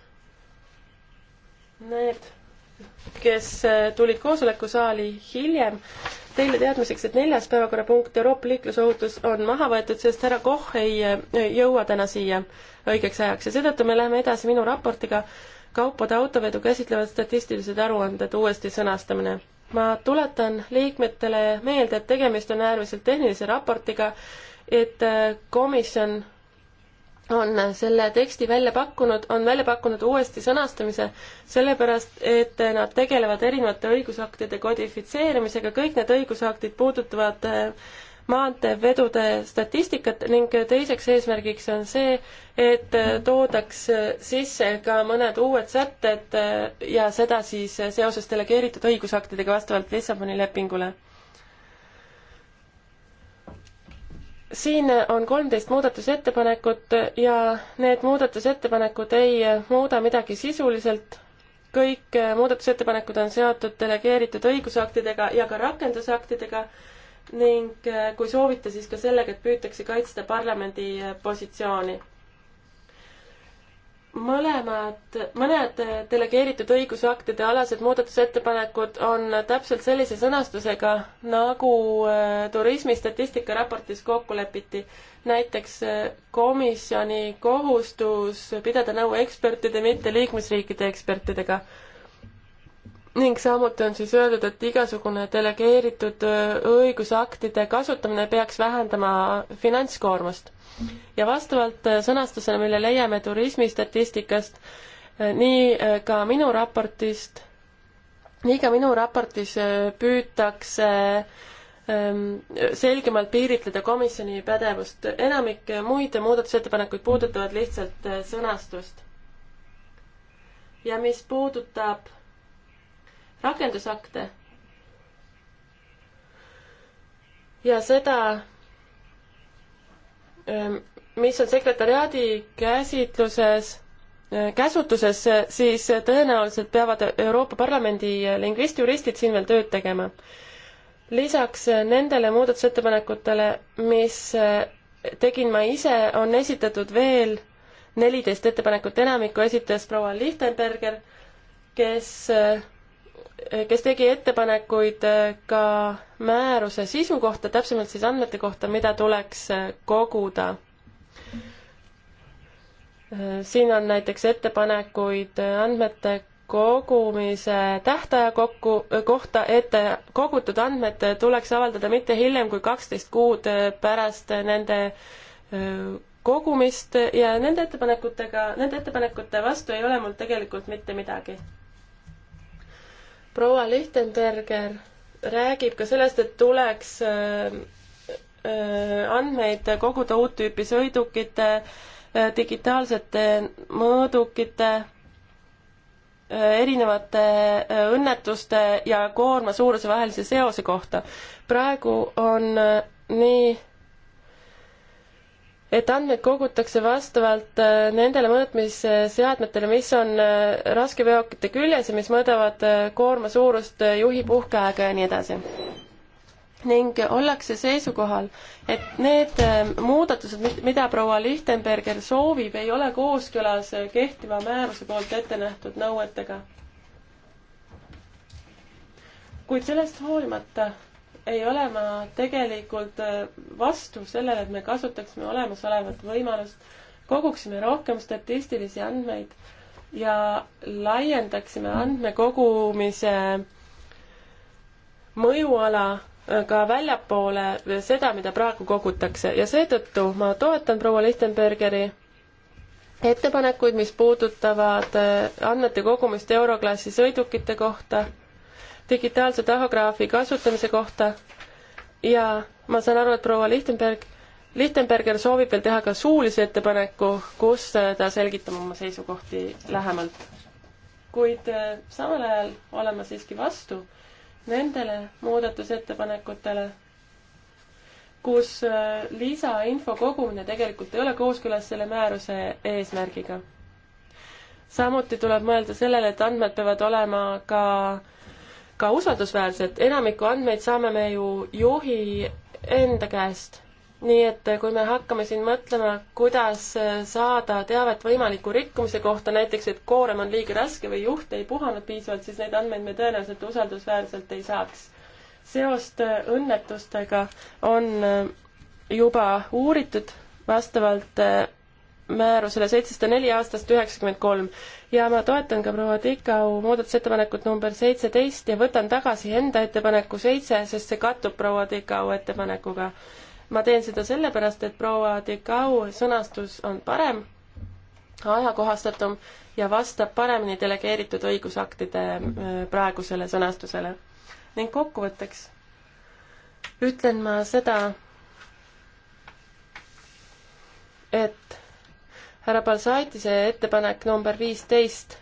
Need, kes eh, tulid koosolekusaali hiljem, teile teadmiseks, et neljas päevakorrapunkt, Euroopa liiklusohutus, on maha võetud, sest härra Koch ei äh, jõua täna siia õigeks ajaks ja seetõttu me läheme edasi minu raportiga kaupade autovedu käsitlevad statistilised aruanded uuesti sõnastamine. ma tuletan liikmetele meelde, et tegemist on äärmiselt tehnilise raportiga, et äh, komisjon on selle teksti välja pakkunud, on välja pakkunud uuesti sõnastamise, sellepärast et nad tegelevad erinevate õigusaktide kodifitseerimisega, kõik need õigusaktid puudutavad äh, maanteevedude statistikat ning teiseks eesmärgiks on see, et äh, toodaks äh, sisse ka mõned uued sätted ja seda siis seoses delegeeritud õigusaktidega vastavalt Lissaboni lepingule siin on kolmteist muudatusettepanekut ja need muudatusettepanekud ei muuda midagi sisuliselt. kõik muudatusettepanekud on seotud delegeeritud õigusaktidega ja ka rakendusaktidega ning kui soovite, siis ka sellega, et püütakse kaitsta parlamendi positsiooni mõlemad, mõned delegeeritud õigusaktide alased muudatusettepanekud on täpselt sellise sõnastusega, nagu äh, turismistatistika raportis kokku lepiti. näiteks äh, komisjoni kohustus pidada nõu ekspertide, mitte liikmesriikide ekspertidega ning samuti on siis öeldud, et igasugune delegeeritud õigusaktide kasutamine peaks vähendama finantskoormust. ja vastavalt sõnastusele, mille leiame turismistatistikast, nii ka minu raportist, nii ka minu raportis püütakse selgemalt piiritleda komisjoni pädevust. enamik muid muudatusettepanekuid puudutavad lihtsalt sõnastust. ja mis puudutab rakendusakte. ja seda, ähm, mis on sekretäriaadi käsitluses, äh, käsutuses, siis tõenäoliselt peavad Euroopa Parlamendi lingvistjuristid siin veel tööd tegema. lisaks nendele muudatusettepanekutele, mis äh, tegin ma ise, on esitatud veel neliteist ettepanekut, enamikku esitas proua Lichtenberger, kes äh, kes tegi ettepanekuid äh, ka määruse sisu kohta, täpsemalt siis andmete kohta, mida tuleks äh, koguda. Äh, siin on näiteks ettepanekuid andmete kogumise tähtaja kokku, kohta, et kogutud andmed tuleks avaldada mitte hiljem kui kaksteist kuud pärast nende kogumist ja nende ettepanekutega, nende ettepanekute vastu ei ole mul tegelikult mitte midagi proua Lichtenberger räägib ka sellest, et tuleks äh, äh, andmeid koguda uut tüüpi sõidukite, äh, digitaalsete mõõdukite, erinevate õnnetuste ja koorma suuruse vahelise seose kohta. praegu on nii et andmeid kogutakse vastavalt äh, nendele mõõtmisseadmetele, mis on äh, raskeveokite küljes ja mis mõõdavad äh, koorma suurust, juhi puhkeaega ja nii edasi. ning ollakse seisukohal, et need muudatused, mida proua Lichtenberger soovib, ei ole kooskõlas kehtiva määruse poolt ette nähtud nõuetega. kuid sellest hoolimata ei ole ma tegelikult äh, vastu sellele, et me kasutaksime olemasolevat võimalust, koguksime rohkem statistilisi andmeid ja laiendaksime andmekogumise mõjuala äh, ka väljapoole seda, mida praegu kogutakse ja seetõttu ma toetan proua Lichtenbergeri ettepanekuid, mis puudutavad äh, andmete kogumist Euroklassi sõidukite kohta digitaalse tahograafi kasutamise kohta ja ma saan aru, et proua Lichtenberg, Lichtenberger soovib veel teha ka suulise ettepaneku, kus ta selgitab oma seisukohti lähemalt. kuid äh, samal ajal olen ma siiski vastu nendele muudatusettepanekutele, kus äh, lisainfo kogumine tegelikult ei ole kooskõlas selle määruse eesmärgiga. samuti tuleb mõelda sellele, et andmed peavad olema ka äh, ka usaldusväärsed, enamiku andmeid saame me ju juhi enda käest. nii et eh, kui me hakkame siin mõtlema, kuidas eh, saada teavet võimaliku rikkumise kohta, näiteks et koorem on liiga raske või juht ei puhanud piisavalt, siis neid andmeid me tõenäoliselt usaldusväärselt ei saaks. seost eh, õnnetustega on juba uuritud vastavalt määrusele seitsesada neli aastast üheksakümmend kolm ja ma toetan ka proua Tikau muudatusettepanekut number seitseteist ja võtan tagasi enda ettepaneku seitse, sest see kattub proua Tikau ettepanekuga. ma teen seda sellepärast, et proua Tikau sõnastus on parem, ajakohastatum ja vastab paremini delegeeritud õigusaktide äh, praegusele sõnastusele. ning kokkuvõtteks ütlen ma seda, et härra Balsaitise ettepanek number viisteist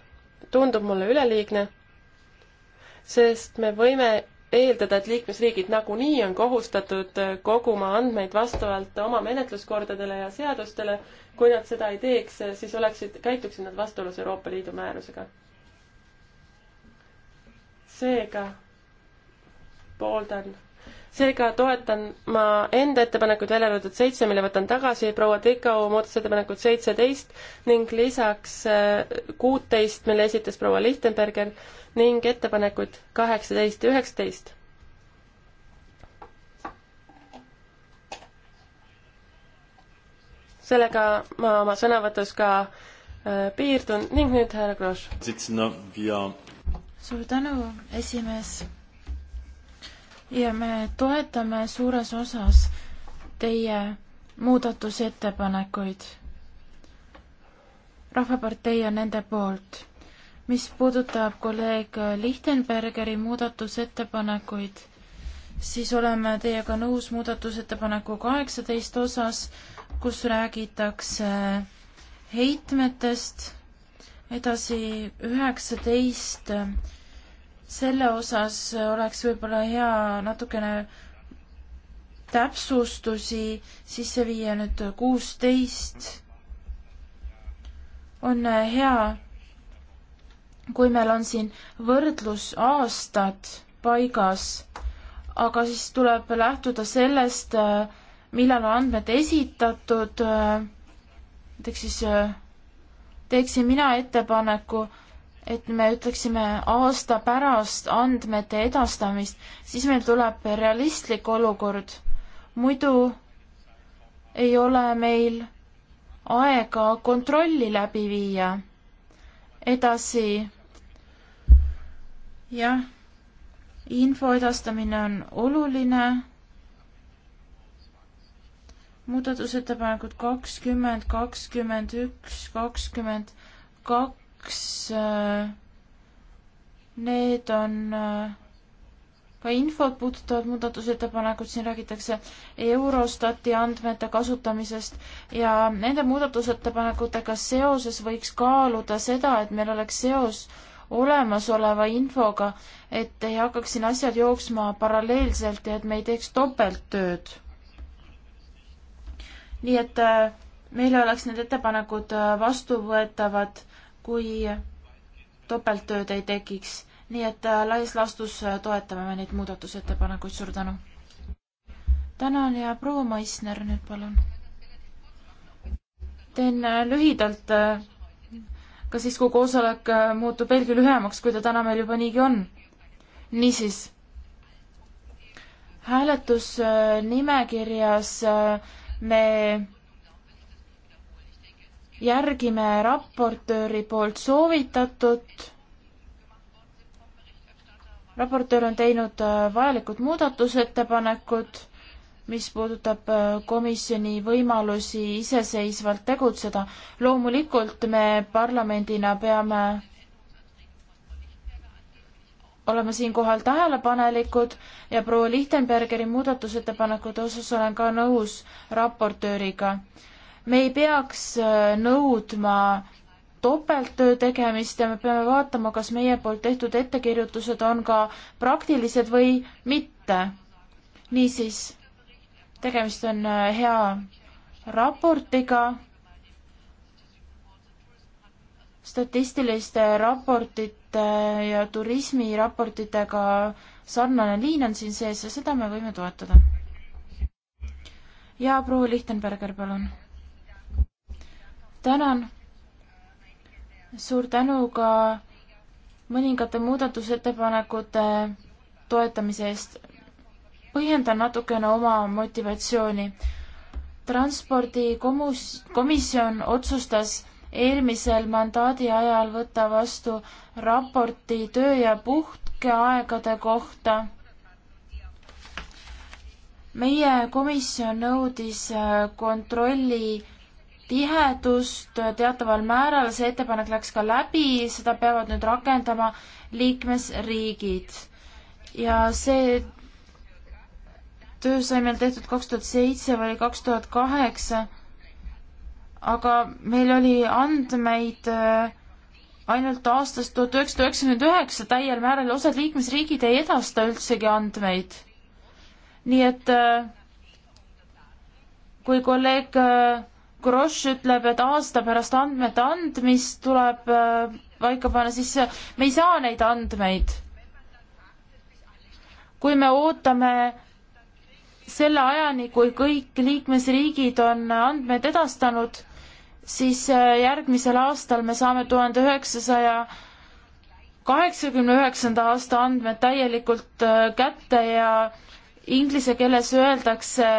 tundub mulle üleliigne, sest me võime eeldada, et liikmesriigid nagunii on kohustatud äh, koguma andmeid vastavalt oma menetluskordadele ja seadustele. kui nad seda ei teeks, äh, siis oleksid, käituksid nad vastuolus Euroopa Liidu määrusega. seega pooldan seega toetan ma enda ettepanekuid välja arvatud seitse, mille võtan tagasi, proua Tikau muudatusettepanekut seitseteist ning lisaks äh, kuuteist, mille esitas proua Lichtenberger ning ettepanekuid kaheksateist ja üheksateist. sellega ma oma sõnavõtus ka äh, piirdun ning nüüd härra Grosch. suur tänu, esimees ja me toetame suures osas teie muudatusettepanekuid. rahvapartei on nende poolt. mis puudutab kolleeg Lichtenbergeri muudatusettepanekuid, siis oleme teiega nõus muudatusettepaneku kaheksateist osas, kus räägitakse heitmetest, edasi üheksateist 19 selle osas oleks võib-olla hea natukene täpsustusi sisse viia nüüd kuusteist. on hea, kui meil on siin võrdlusaastad paigas, aga siis tuleb lähtuda sellest, millal on andmed esitatud. näiteks siis eh, teeksin mina ettepaneku et me ütleksime aasta pärast andmete edastamist, siis meil tuleb realistlik olukord. muidu ei ole meil aega kontrolli läbi viia. edasi. jah, info edastamine on oluline. muudatusettepanekud kakskümmend, kakskümmend üks, kakskümmend kaks üks, äh, need on äh, ka infot puudutavad muudatusettepanekud, siin räägitakse Eurostati andmete kasutamisest ja nende muudatusettepanekutega seoses võiks kaaluda seda, et meil oleks seos olemasoleva infoga, et ei hakkaks siin asjad jooksma paralleelselt ja et me ei teeks topelttööd. nii et äh, meil oleks need ettepanekud vastuvõetavad kui topelttööd ei tekiks. nii et äh, laias laastus äh, toetame me neid muudatusettepanekuid, suur tänu! tänan ja proua Maisner nüüd palun! teen äh, lühidalt, ka siis, kui koosolek muutub veelgi lühemaks, kui ta täna meil juba niigi on. niisiis, hääletusnimekirjas me järgime raportööri poolt soovitatut. raportöör on teinud äh, vajalikud muudatusettepanekud, mis puudutab äh, komisjoni võimalusi iseseisvalt tegutseda. loomulikult me parlamendina peame olema siinkohal tähelepanelikud ja proua Lichtenbergeri muudatusettepanekute osas olen ka nõus raportööriga me ei peaks äh, nõudma topelttöö tegemist ja me peame vaatama, kas meie poolt tehtud ettekirjutused on ka praktilised või mitte. niisiis, tegemist on äh, hea raportiga. statistiliste raportite ja turismiraportitega sarnane liin on siin sees ja seda me võime toetada. ja proua Lichtenberger, palun tänan. suur tänu ka mõningate muudatusettepanekute toetamise eest. põhjendan natukene oma motivatsiooni. transpordikomus-, komisjon otsustas eelmisel mandaadi ajal võtta vastu raporti töö- ja puhkeaegade kohta. meie komisjon nõudis äh, kontrolli tihedust teataval määral, see ettepanek läks ka läbi, seda peavad nüüd rakendama liikmesriigid. ja see töö sai meil tehtud kaks tuhat seitse või kaks tuhat kaheksa, aga meil oli andmeid äh, ainult aastast tuhat üheksasada üheksakümmend üheksa täiel määral, osad liikmesriigid ei edasta üldsegi andmeid. nii et äh, kui kolleeg äh, Grosch ütleb, et aasta pärast andmete andmist tuleb äh, paika panna, siis äh, me ei saa neid andmeid. kui me ootame selle ajani, kui kõik liikmesriigid on andmed edastanud, siis äh, järgmisel aastal me saame tuhande üheksasaja kaheksakümne üheksanda aasta andmed täielikult kätte ja inglise keeles öeldakse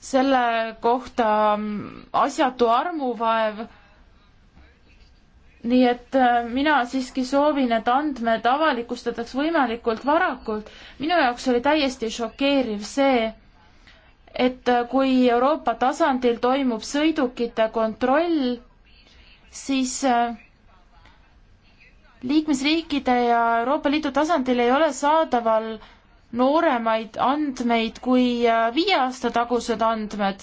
selle kohta mm, asjatu armuvaev. nii et äh, mina siiski soovin, et andmed avalikustataks võimalikult varakult. minu jaoks oli täiesti šokeeriv see, et äh, kui Euroopa tasandil toimub sõidukite kontroll, siis äh, liikmesriikide ja Euroopa Liidu tasandil ei ole saadaval nooremaid andmeid kui äh, viie aasta tagused andmed.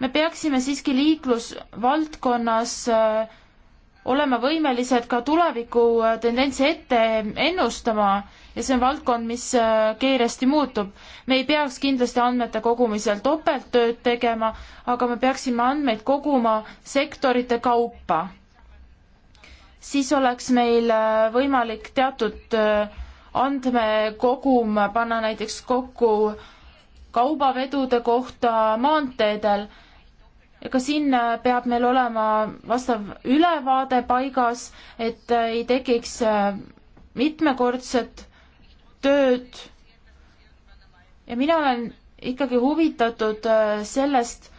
me peaksime siiski liiklusvaldkonnas äh, olema võimelised ka tuleviku äh, tendentsi ette ennustama ja see on valdkond, mis kiiresti muutub. me ei peaks kindlasti andmete kogumisel topelttööd tegema, aga me peaksime andmeid koguma sektorite kaupa. siis oleks meil võimalik teatud äh, andmekogum panna näiteks kokku kaubavedude kohta maanteedel. ka siin peab meil olema vastav ülevaade paigas, et ei tekiks äh, mitmekordset tööd. ja mina olen ikkagi huvitatud äh, sellest,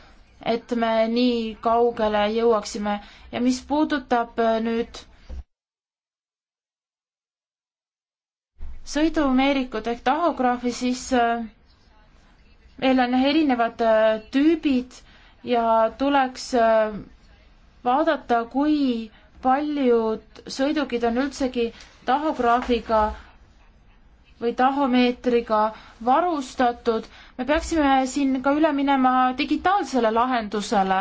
et me nii kaugele jõuaksime ja mis puudutab äh, nüüd sõidumeerikud ehk tahograafi, siis meil on erinevad äh, tüübid ja tuleks äh, vaadata, kui paljud sõidukid on üldsegi tahograafiga või tahomeetriga varustatud. me peaksime siin ka üle minema digitaalsele lahendusele.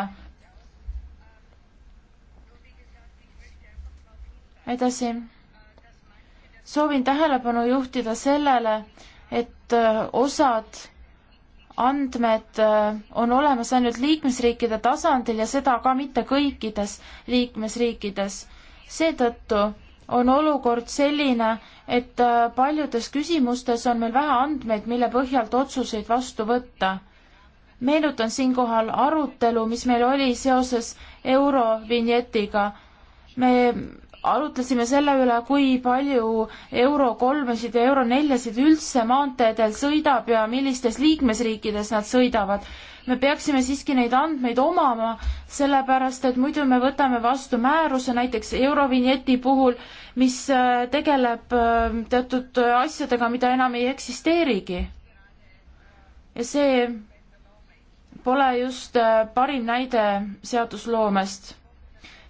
edasi soovin tähelepanu juhtida sellele, et äh, osad andmed äh, on olemas ainult liikmesriikide tasandil ja seda ka mitte kõikides liikmesriikides. seetõttu on olukord selline, et äh, paljudes küsimustes on meil vähe andmeid, mille põhjalt otsuseid vastu võtta. meenutan siinkohal arutelu, mis meil oli seoses Eurovinjetiga. me arutlesime selle üle, kui palju euro kolmesid ja euro neljasid üldse maanteedel sõidab ja millistes liikmesriikides nad sõidavad. me peaksime siiski neid andmeid omama, sellepärast et muidu me võtame vastu määruse näiteks Eurovinjeti puhul, mis äh, tegeleb äh, teatud asjadega, mida enam ei eksisteerigi. ja see pole just äh, parim näide seadusloomest.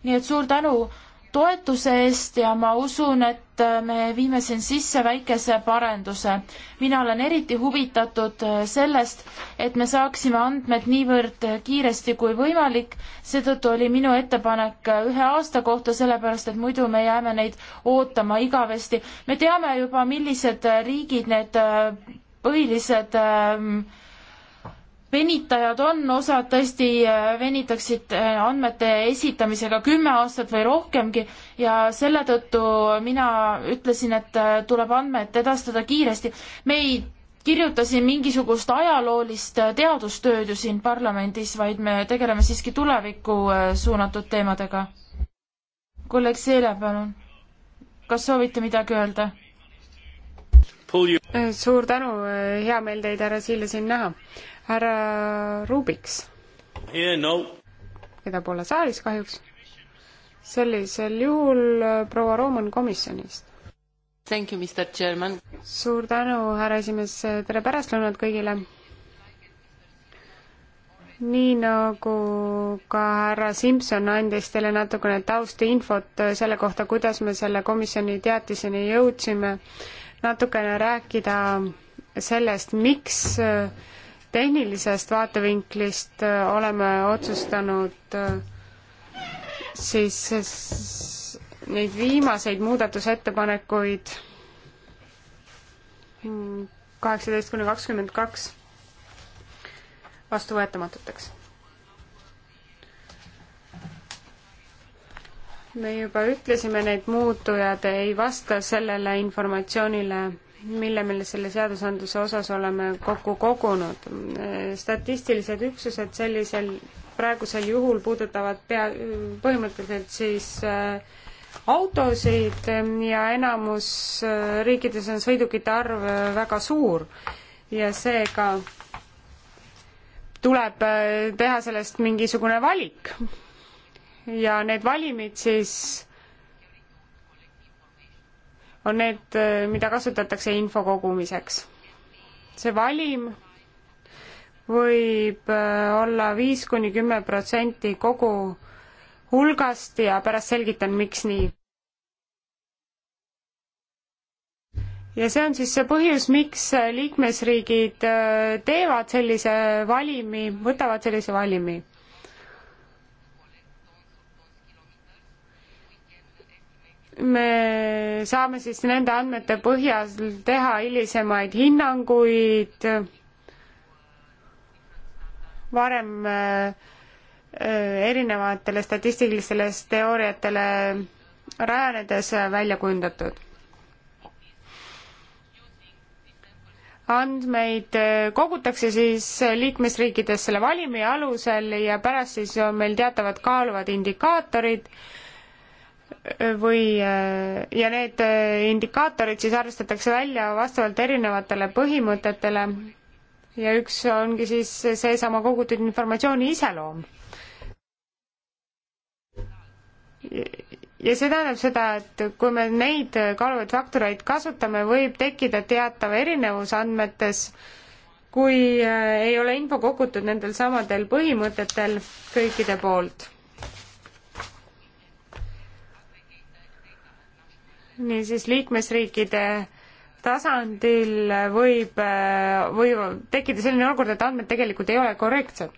nii et suur tänu toetuse eest ja ma usun, et me viime siin sisse väikese parenduse. mina olen eriti huvitatud äh, sellest, et me saaksime andmed niivõrd kiiresti kui võimalik, seetõttu oli minu ettepanek äh, ühe aasta kohta, sellepärast et muidu me jääme neid ootama igavesti. me teame juba, millised riigid need äh, põhilised äh, venitajad on, osad tõesti äh, venitaksid äh, andmete esitamisega kümme aastat või rohkemgi ja selle tõttu mina ütlesin, et äh, tuleb andmed edastada kiiresti. me ei kirjuta siin mingisugust ajaloolist teadustööd ju siin parlamendis, vaid me tegeleme siiski tulevikku suunatud teemadega. kolleeg Seele, palun, kas soovite midagi öelda? suur tänu, hea meel teid, härra Siili, siin näha härra Rubiks yeah,. No. keda pole saalis kahjuks. sellisel juhul äh, proua Rooman komisjonist. Thank you, Mr Chairman. suur tänu, härra esimees, tere pärastlõunat kõigile. nii nagu ka härra Simson andis teile natukene taustinfot äh, selle kohta, kuidas me selle komisjoni teatiseni jõudsime, natukene rääkida sellest, miks äh, tehnilisest vaatevinklist äh, oleme otsustanud äh, siis neid viimaseid muudatusettepanekuid kaheksateist kuni kakskümmend kaks vastuvõetamatuteks. me juba ütlesime, need muutujad ei vasta sellele informatsioonile mille me selle seadusandluse osas oleme kokku kogunud. statistilised üksused sellisel, praegusel juhul puudutavad pea, põhimõtteliselt siis äh, autosid ja enamus äh, riikides on sõidukite arv äh, väga suur ja seega tuleb teha sellest mingisugune valik. ja need valimid siis on need, mida kasutatakse info kogumiseks. see valim võib äh, olla viis kuni kümme protsenti kogu hulgast ja pärast selgitan, miks nii. ja see on siis see põhjus, miks liikmesriigid äh, teevad sellise valimi, võtavad sellise valimi me saame siis nende andmete põhjal teha hilisemaid hinnanguid, varem eh, erinevatele statistilistele teooriatele rajanedes välja kujundatud. andmeid eh, kogutakse siis liikmesriikides selle valimi alusel ja pärast siis on meil teatavad kaaluvad indikaatorid, või äh, ja need äh, indikaatorid siis arvestatakse välja vastavalt erinevatele põhimõtetele ja üks ongi siis seesama kogutud informatsiooni iseloom. ja see tähendab seda, et kui me neid kaaluvaid faktoreid kasutame, võib tekkida teatav erinevus andmetes, kui äh, ei ole info kogutud nendel samadel põhimõtetel kõikide poolt niisiis liikmesriikide tasandil võib, võib tekkida selline olukord, et andmed tegelikult ei ole korrektsed.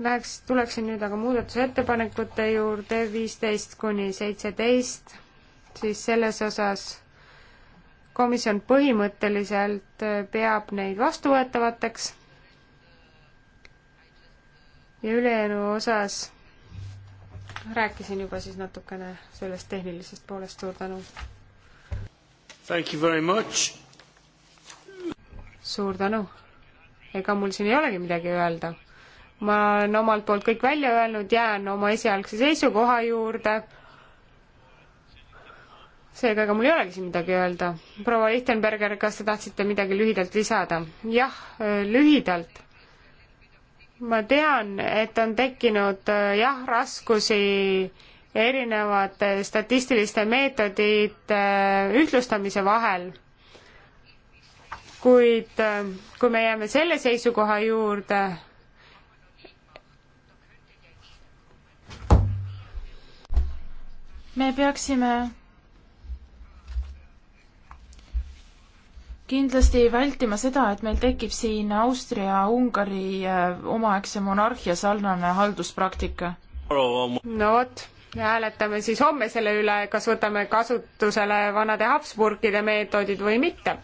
Läheks, tuleksin nüüd aga muudatusettepanekute juurde, viisteist kuni seitseteist, siis selles osas komisjon põhimõtteliselt peab neid vastuvõetavateks ja ülejäänu osas rääkisin juba siis natukene sellest tehnilisest poolest, suur tänu! Thank you very much! suur tänu! ega mul siin ei olegi midagi öelda. ma olen omalt poolt kõik välja öelnud, jään oma esialgse seisukoha juurde. seega ega mul ei olegi siin midagi öelda. proua Lichtenberger, kas te tahtsite midagi lühidalt lisada? jah, lühidalt ma tean, et on tekkinud äh, jah, raskusi erinevate statistiliste meetodite äh, ühtlustamise vahel. kuid äh, kui me jääme selle seisukoha juurde, me peaksime kindlasti vältima seda, et meil tekib siin Austria-Ungari äh, omaaegse monarhia sarnane halduspraktika. no vot, hääletame siis homme selle üle, kas võtame kasutusele vanade Habsburgide meetodid või mitte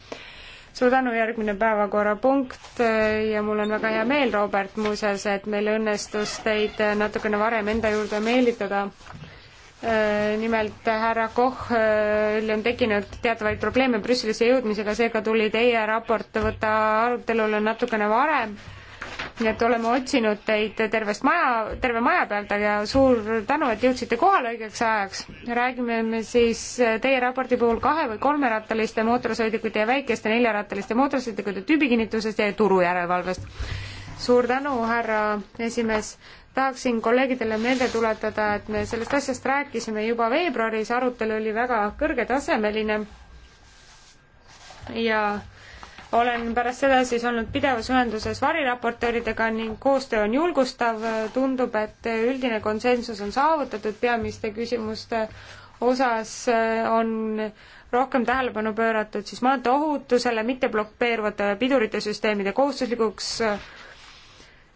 suur tänu, järgmine päevakorrapunkt äh, ja mul on väga hea meel, Robert, muuseas, et meil õnnestus teid natukene varem enda juurde meelitada Äh, nimelt äh, härra Kohil äh, on tekkinud teatavaid probleeme Brüsselisse jõudmisega, seega tuli teie raport võtta arutelule natukene varem. nii et oleme otsinud teid tervest maja, terve maja pealt, aga suur tänu, et jõudsite kohale õigeks ajaks. räägime me siis teie raporti puhul kahe- või kolmerattaliste mootorsõidukite ja väikeste neljarattaliste mootorsõidukite tüübikinnitusest ja turujärelevalvest. suur tänu, härra esimees tahaksin kolleegidele meelde tuletada, et me sellest asjast rääkisime juba veebruaris, arutelu oli väga kõrgetasemeline ja olen pärast seda siis olnud pidevas ühenduses variraportööridega ning koostöö on julgustav, tundub, et üldine konsensus on saavutatud peamiste küsimuste osas on rohkem tähelepanu pööratud siis maanteeohutusele, mitte blokeeruvate pidurite süsteemide kohustuslikuks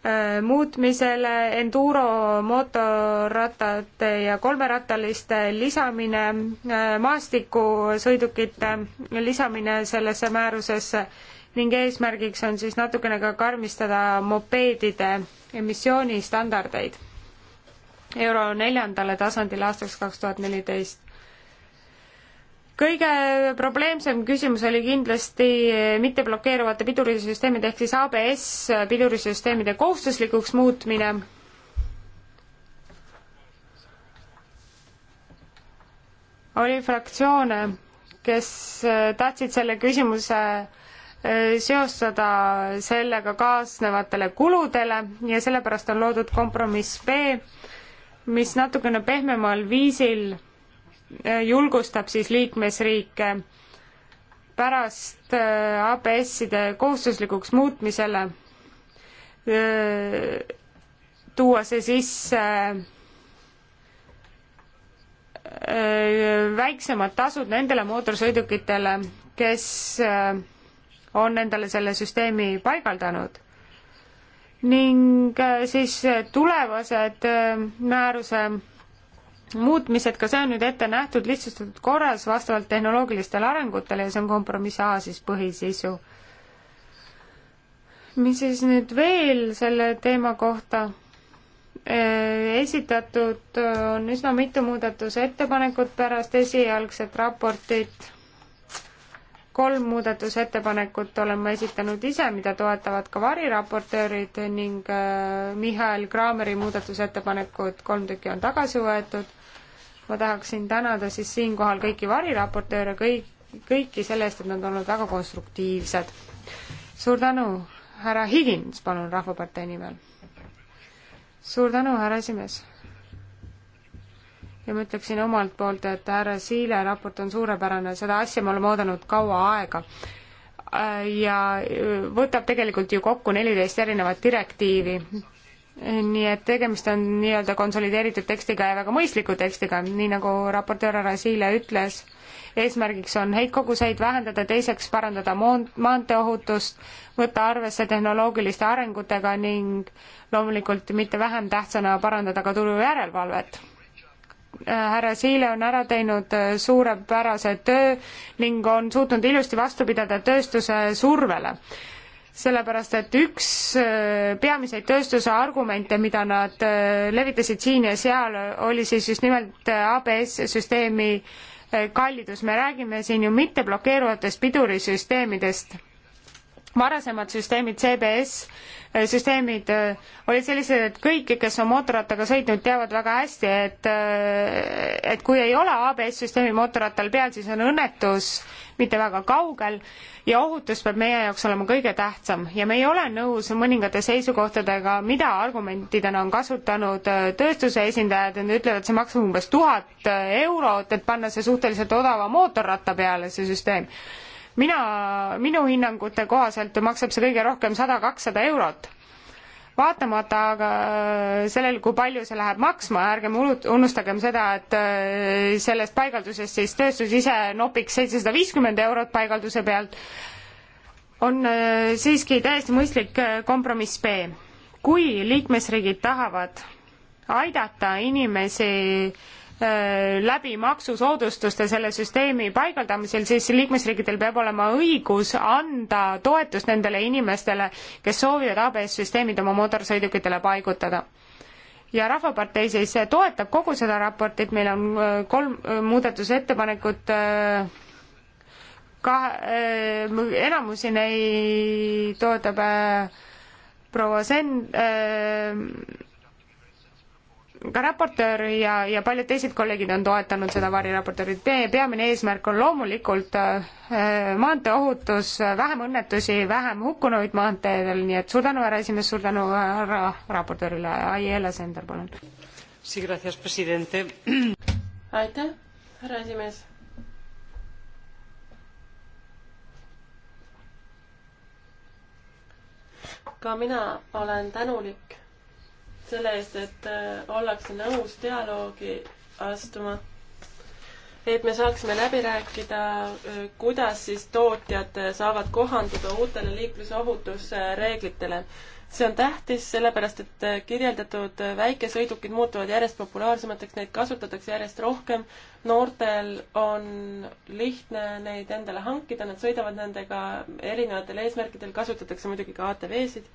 Äh, muutmisele, enduro mootorrattate ja kolmerattaliste lisamine, äh, maastikusõidukite lisamine sellesse määrusesse ning eesmärgiks on siis natukene ka karmistada mopeedide emissioonistandardeid euro neljandale tasandile aastaks kaks tuhat neliteist kõige probleemsem küsimus oli kindlasti mitteblokeeruvate pidurisüsteemide ehk siis ABS pidurisüsteemide kohustuslikuks muutmine. oli fraktsioone, kes tahtsid selle küsimuse äh, seostada sellega kaasnevatele kuludele ja sellepärast on loodud kompromiss B, mis natukene pehmemal viisil Äh, julgustab siis liikmesriike pärast äh, ABS-ide kohustuslikuks muutmisele äh, tuua see sisse väiksemad tasud nendele mootorsõidukitele, kes on endale selle süsteemi paigaldanud ning siis tulevased määruse muutmised, ka see on nüüd ette nähtud lihtsustatud korras vastavalt tehnoloogilistele arengutele ja see on kompromiss A siis põhisisu. mis siis nüüd veel selle teema kohta? Äh, esitatud äh, on üsna mitu muudatusettepanekut pärast esialgset raportit. kolm muudatusettepanekut olen ma esitanud ise, mida toetavad ka variraportöörid ning äh, Mihhail Kraameri muudatusettepanekud, kolm tükki on tagasi võetud ma tahaksin tänada siis siinkohal kõiki variraportööre, kõik, kõiki selle eest, et nad on olnud väga konstruktiivsed. suur tänu, härra Higins, palun, Rahvapartei nimel. suur tänu, härra esimees. ja ma ütleksin omalt poolt, et härra Siile raport on suurepärane, seda asja me oleme oodanud kaua aega äh, ja äh, võtab tegelikult ju kokku neliteist erinevat direktiivi nii et tegemist on nii-öelda konsolideeritud tekstiga ja väga mõistliku tekstiga, nii nagu raportöör härra Siile ütles, eesmärgiks on heitkoguseid vähendada, teiseks parandada moon-, maanteeohutust, võtta arvesse tehnoloogiliste arengutega ning loomulikult mitte vähem tähtsana parandada ka turu järelevalvet. Äh, härra Siile on ära teinud äh, suurepärase töö ning on suutnud ilusti vastu pidada tööstuse survele sellepärast et üks äh, peamiseid tööstuse argumente, mida nad äh, levitasid siin ja seal, oli siis just nimelt äh, ABS-süsteemi kallidus, me räägime siin ju mitte blokeeruvatest pidurisüsteemidest varasemad süsteemid, CBS äh, süsteemid äh, olid sellised, et kõik, kes on mootorrattaga sõitnud, teavad väga hästi, et äh, et kui ei ole ABS-süsteemi mootorrattal peal, siis on õnnetus mitte väga kaugel ja ohutus peab meie jaoks olema kõige tähtsam ja me ei ole nõus mõningate seisukohtadega, mida argumentidena on kasutanud tööstuse esindajad, nad ütlevad, see maksab umbes tuhat eurot, et panna see suhteliselt odava mootorratta peale, see süsteem mina, minu hinnangute kohaselt maksab see kõige rohkem sada, kakssada eurot. vaatamata aga äh, sellel, kui palju see läheb maksma, ärgem unustagem seda, et äh, sellest paigaldusest siis tööstus ise nopiks seitsesada viiskümmend eurot paigalduse pealt, on äh, siiski täiesti mõistlik kompromiss B. kui liikmesriigid tahavad aidata inimesi Äh, läbi maksusoodustuste selle süsteemi paigaldamisel, siis liikmesriikidel peab olema õigus anda toetust nendele inimestele, kes soovivad ABS-süsteemid oma mootorsõidukitele paigutada. ja Rahvapartei siis toetab kogu seda raportit, meil on äh, kolm äh, muudatusettepanekut, ka enamusi neid toetab proua Sen-, ka raportöör ja, ja paljud teised kolleegid on toetanud seda variraportööri. Teie peamine eesmärk on loomulikult äh, maanteeohutus, vähem õnnetusi, vähem hukkunuid maanteedel, nii et suur tänu, härra esimees, suur tänu härra raportöörile. Aiele Sender, palun. aitäh, härra esimees ka mina olen tänulik selle eest, et äh, ollakse nõus dialoogi astuma. et me saaksime läbi rääkida, äh, kuidas siis tootjad äh, saavad kohanduda uutele liiklusohutusreeglitele. see on tähtis, sellepärast et kirjeldatud väikesõidukid muutuvad järjest populaarsemateks, neid kasutatakse järjest rohkem. noortel on lihtne neid endale hankida, nad sõidavad nendega erinevatel eesmärkidel, kasutatakse muidugi ka ATV-sid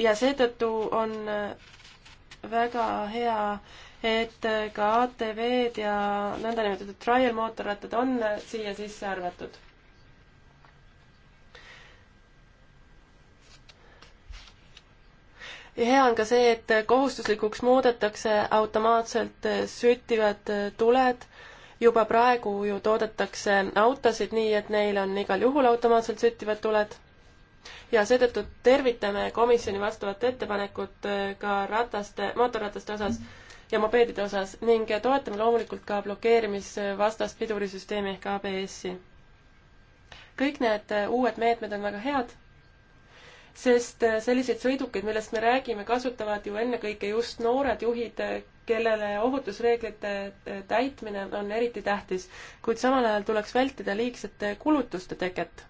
ja seetõttu on väga hea, et ka ATV-d ja nõndanimetatud trial mootorrattad on siia sisse arvatud. ja hea on ka see, et kohustuslikuks muudetakse automaatselt süttivad tuled. juba praegu ju toodetakse autosid nii, et neil on igal juhul automaatselt süttivad tuled ja seetõttu tervitame komisjoni vastavat ettepanekut äh, ka rataste, mootorrataste osas ja mopeedide osas ning toetame loomulikult ka blokeerimisvastast pidurisüsteemi ehk ABS-i. kõik need äh, uued meetmed on väga head, sest äh, selliseid sõidukeid, millest me räägime, kasutavad ju ennekõike just noored juhid, kellele ohutusreeglite täitmine on eriti tähtis, kuid samal ajal tuleks vältida liigsete kulutuste teket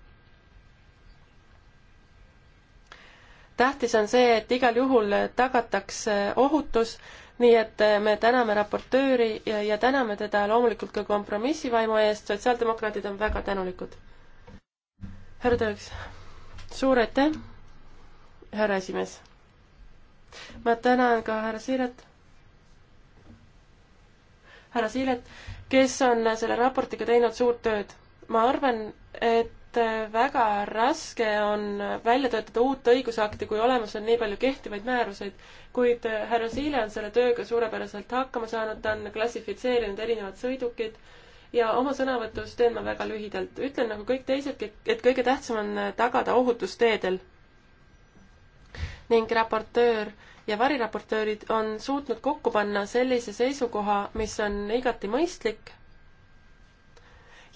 tähtis on see, et igal juhul tagatakse ohutus, nii et me täname raportööri ja, ja täname teda loomulikult ka kompromissivaimu eest, sotsiaaldemokraadid on väga tänulikud. härra Tõeks, suur aitäh, härra esimees. ma tänan ka härra Siiret, härra Siiret, kes on selle raportiga teinud suurt tööd. ma arvan, et et äh, väga raske on välja töötada uut õigusakti, kui olemas on nii palju kehtivaid määruseid, kuid äh, härra Siile on selle tööga suurepäraselt hakkama saanud, ta on klassifitseerinud erinevad sõidukid ja oma sõnavõtus teen ma väga lühidalt. ütlen nagu kõik teisedki, et kõige tähtsam on äh, tagada ohutus teedel. ning raportöör ja variraportöörid on suutnud kokku panna sellise seisukoha, mis on igati mõistlik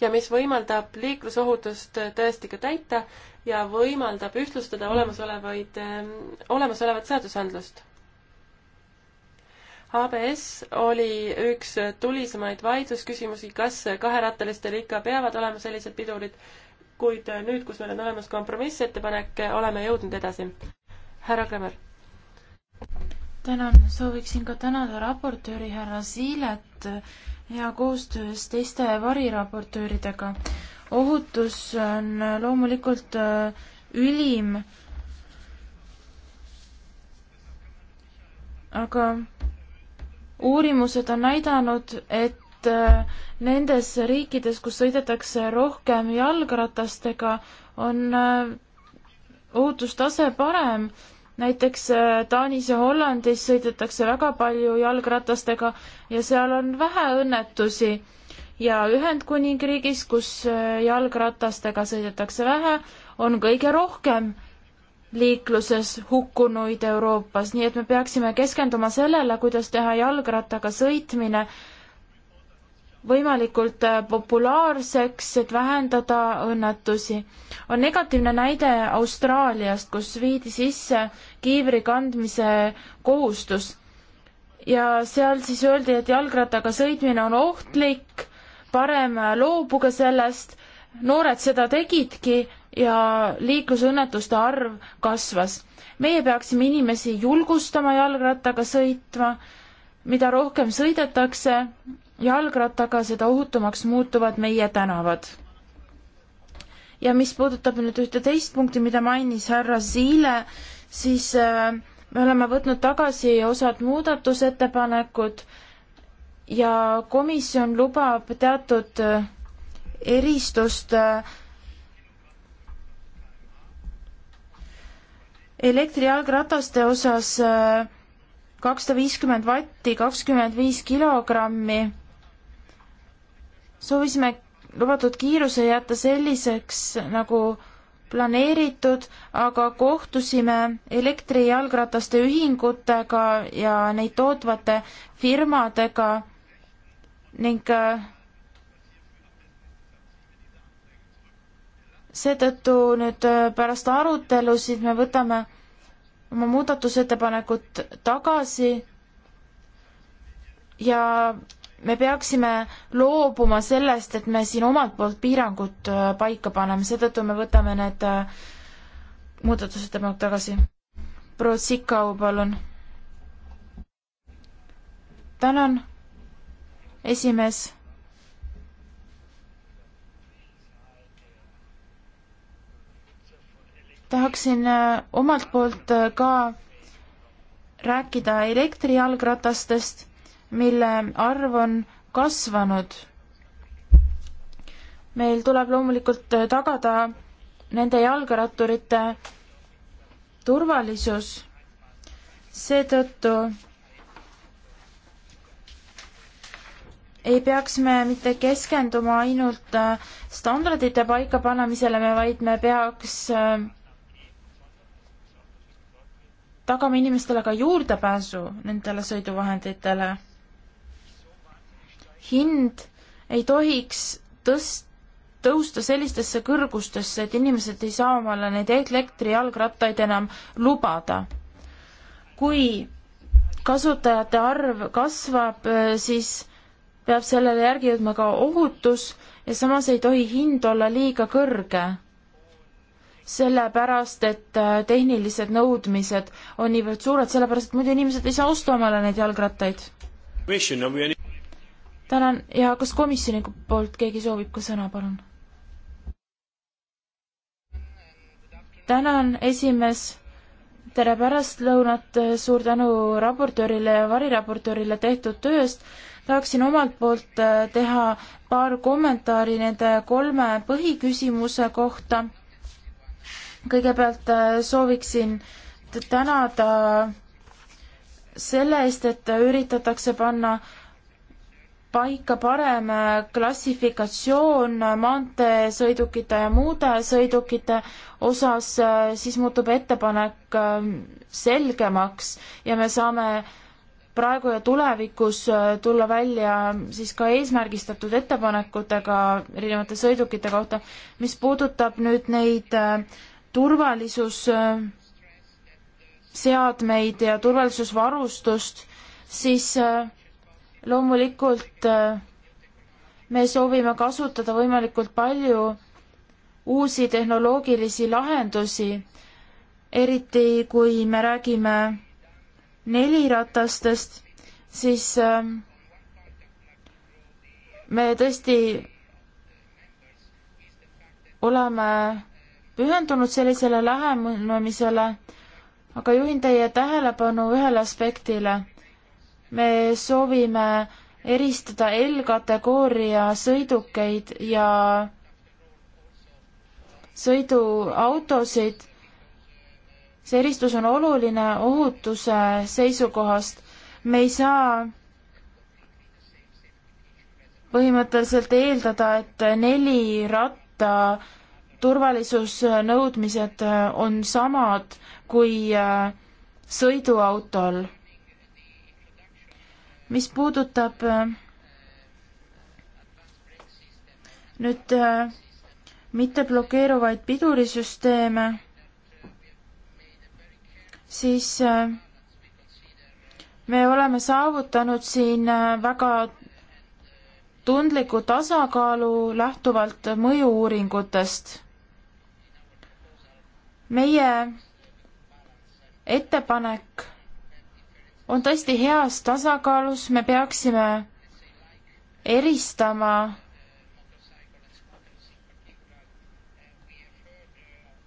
ja mis võimaldab liiklusohutust äh, tõesti ka täita ja võimaldab ühtlustada olemasolevaid, ähm, olemasolevat seadusandlust. ABS oli üks äh, tulisemaid vaidlusküsimusi, kas äh, kaherattalistele ikka peavad olema sellised pidurid, kuid nüüd, kus meil on olemas kompromissettepanek, oleme jõudnud edasi. härra Kremmer. tänan, sooviksin ka tänada raportööri härra Siilet ja koostöös teiste variraportööridega. ohutus on loomulikult äh, ülim, aga uurimused on näidanud, et äh, nendes riikides, kus sõidetakse rohkem jalgratastega, on äh, ohutustase parem näiteks äh, Taanis ja Hollandis sõidetakse väga palju jalgratastega ja seal on vähe õnnetusi ja Ühendkuningriigis, kus äh, jalgratastega sõidetakse vähe, on kõige rohkem liikluses hukkunuid Euroopas, nii et me peaksime keskenduma sellele, kuidas teha jalgrattaga sõitmine võimalikult äh, populaarseks, et vähendada õnnetusi. on negatiivne näide Austraaliast, kus viidi sisse kiivri kandmise kohustus ja seal siis öeldi, et jalgrattaga sõitmine on ohtlik, parem loobuge sellest, noored seda tegidki ja liiklusõnnetuste arv kasvas. meie peaksime inimesi julgustama jalgrattaga sõitma, mida rohkem sõidetakse, jalgrattaga, seda ohutumaks muutuvad meie tänavad. ja mis puudutab nüüd ühte teist punkti, mida mainis härra Siile, siis äh, me oleme võtnud tagasi osad muudatusettepanekud ja komisjon lubab teatud äh, eristust äh, elektrijalgrataste osas äh, kakssada viiskümmend vatti, kakskümmend viis kilogrammi soovisime lubatud kiiruse jätta selliseks, nagu planeeritud, aga kohtusime elektrijalgrataste ühingutega ja neid tootvate firmadega ning äh, seetõttu nüüd äh, pärast arutelusid me võtame oma muudatusettepanekud tagasi ja me peaksime loobuma sellest, et me siin omalt poolt piirangud äh, paika paneme, seetõttu me võtame need äh, muudatusettepanekud tagasi. proua Sikau, palun. tänan, esimees. tahaksin äh, omalt poolt ka rääkida elektrijalgratastest mille arv on kasvanud. meil tuleb loomulikult äh, tagada nende jalgratturite turvalisus. seetõttu ei peaks me mitte keskenduma ainult äh, standardite paikapanemisele, vaid me peaks äh, tagama inimestele ka juurdepääsu nendele sõiduvahenditele hind ei tohiks tõst-, tõusta sellistesse kõrgustesse, et inimesed ei saa omale neid elektrijalgrattaid enam lubada. kui kasutajate arv kasvab, äh, siis peab sellele järgi jõudma ka ohutus ja samas ei tohi hind olla liiga kõrge. sellepärast, et äh, tehnilised nõudmised on niivõrd suured, sellepärast et muidu inimesed ei saa osta omale neid jalgrattaid tänan ja kas komisjoni poolt keegi soovib ka sõna, palun? tänan, esimees. tere pärastlõunat, suur tänu raportöörile ja variraportöörile tehtud töö eest. tahaksin omalt poolt äh, teha paar kommentaari nende kolme põhiküsimuse kohta. kõigepealt äh, sooviksin tänada selle eest, et üritatakse panna äh, paika parem äh, klassifikatsioon äh, maanteesõidukite ja muude sõidukite osas, äh, siis muutub ettepanek selgemaks ja me saame praegu ja tulevikus tulla välja siis ka eesmärgistatud ettepanekutega erinevate sõidukite kohta. mis puudutab nüüd neid turvalisusseadmeid ja turvalisusvarustust, siis äh, loomulikult äh, me soovime kasutada võimalikult palju uusi tehnoloogilisi lahendusi, eriti kui me räägime neliratastest, siis ähm, me tõesti oleme pühendunud sellisele lähenemisele, aga juhin teie tähelepanu ühele aspektile me soovime eristada L-kategooria sõidukeid ja sõiduautosid. see eristus on oluline ohutuse seisukohast. me ei saa põhimõtteliselt eeldada, et neli ratta turvalisusnõudmised on samad kui äh, sõiduautol mis puudutab äh, nüüd äh, mitte blokeeruvaid pidurisüsteeme, siis äh, me oleme saavutanud siin väga tundliku tasakaalu lähtuvalt mõju-uuringutest. meie ettepanek on tõesti heas tasakaalus, me peaksime eristama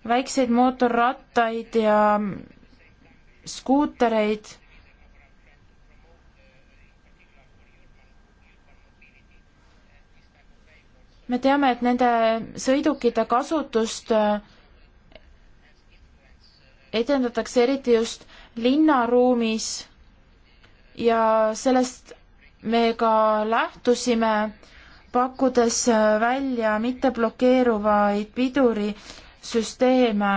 väikseid mootorrattaid ja skuutereid. me teame, et nende sõidukite kasutust äh, edendatakse eriti just linnaruumis ja sellest me ka lähtusime, pakkudes välja mitteblokeeruvaid pidurisüsteeme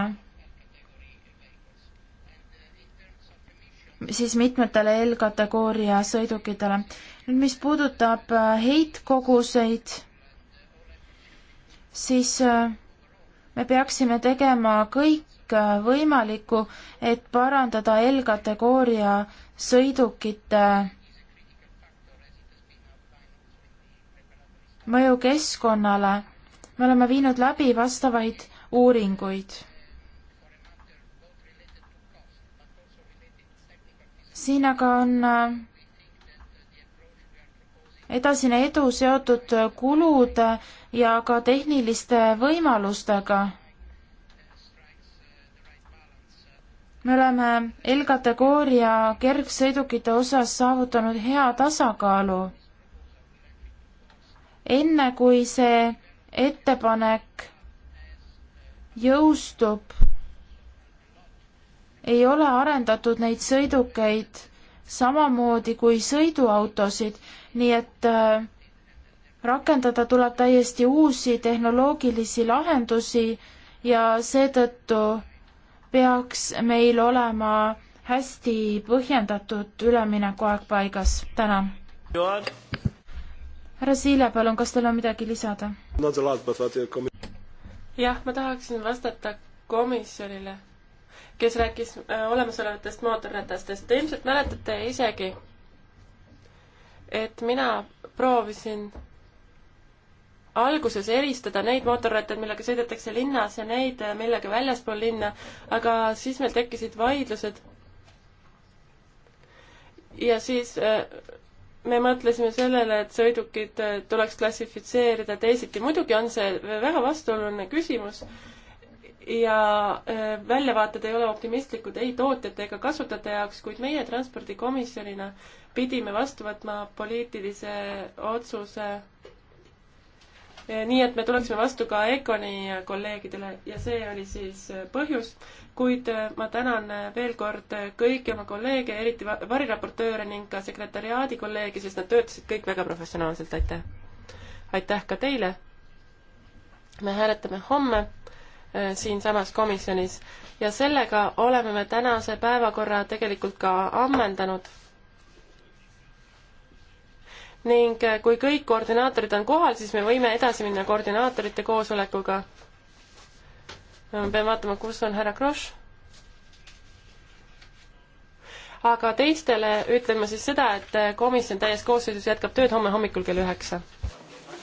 siis mitmetele L-kategooria sõidukitele. nüüd, mis puudutab äh, heitkoguseid, siis äh, me peaksime tegema kõik kõik äh, võimaliku, et parandada L-kategooria sõidukite mõju keskkonnale. me oleme viinud läbi vastavaid uuringuid. siin aga on äh, edasine edu seotud kulude ja ka tehniliste võimalustega me oleme L-kategooria kergsõidukite osas saavutanud hea tasakaalu. enne kui see ettepanek jõustub, ei ole arendatud neid sõidukeid samamoodi kui sõiduautosid, nii et äh, rakendada tuleb täiesti uusi tehnoloogilisi lahendusi ja seetõttu peaks meil olema hästi põhjendatud üleminekuaeg paigas. tänan. härra Siile, palun, kas teil on midagi lisada? jah, ma tahaksin vastata komisjonile, kes rääkis äh, olemasolevatest mootorratastest. Te ilmselt mäletate isegi, et mina proovisin alguses eristada neid mootorrattaid, millega sõidetakse linnas ja neid, äh, millega väljaspool linna, aga siis meil tekkisid vaidlused. ja siis äh, me mõtlesime sellele, et sõidukid äh, tuleks klassifitseerida teisiti. muidugi on see väga vastuoluline küsimus ja väljavaated ei ole optimistlikud ei tootjate ega kasutajate jaoks, kuid meie transpordikomisjonina pidime vastu võtma poliitilise otsuse Eh, nii et me tuleksime vastu ka Econi kolleegidele ja see oli siis eh, põhjus, kuid eh, ma tänan veel kord kõiki oma kolleege, eriti variraportööre ning ka sekretäriaadi kolleegi, sest nad töötasid kõik väga professionaalselt, aitäh! aitäh ka teile! me hääletame homme siinsamas komisjonis ja sellega oleme me tänase päevakorra tegelikult ka ammendanud ning eh, kui kõik koordinaatorid on kohal, siis me võime edasi minna koordinaatorite koosolekuga. ma pean vaatama, kus on härra Kross. aga teistele ütlen ma siis seda, et eh, komisjon täies koosseisus jätkab tööd homme hommikul kell üheksa.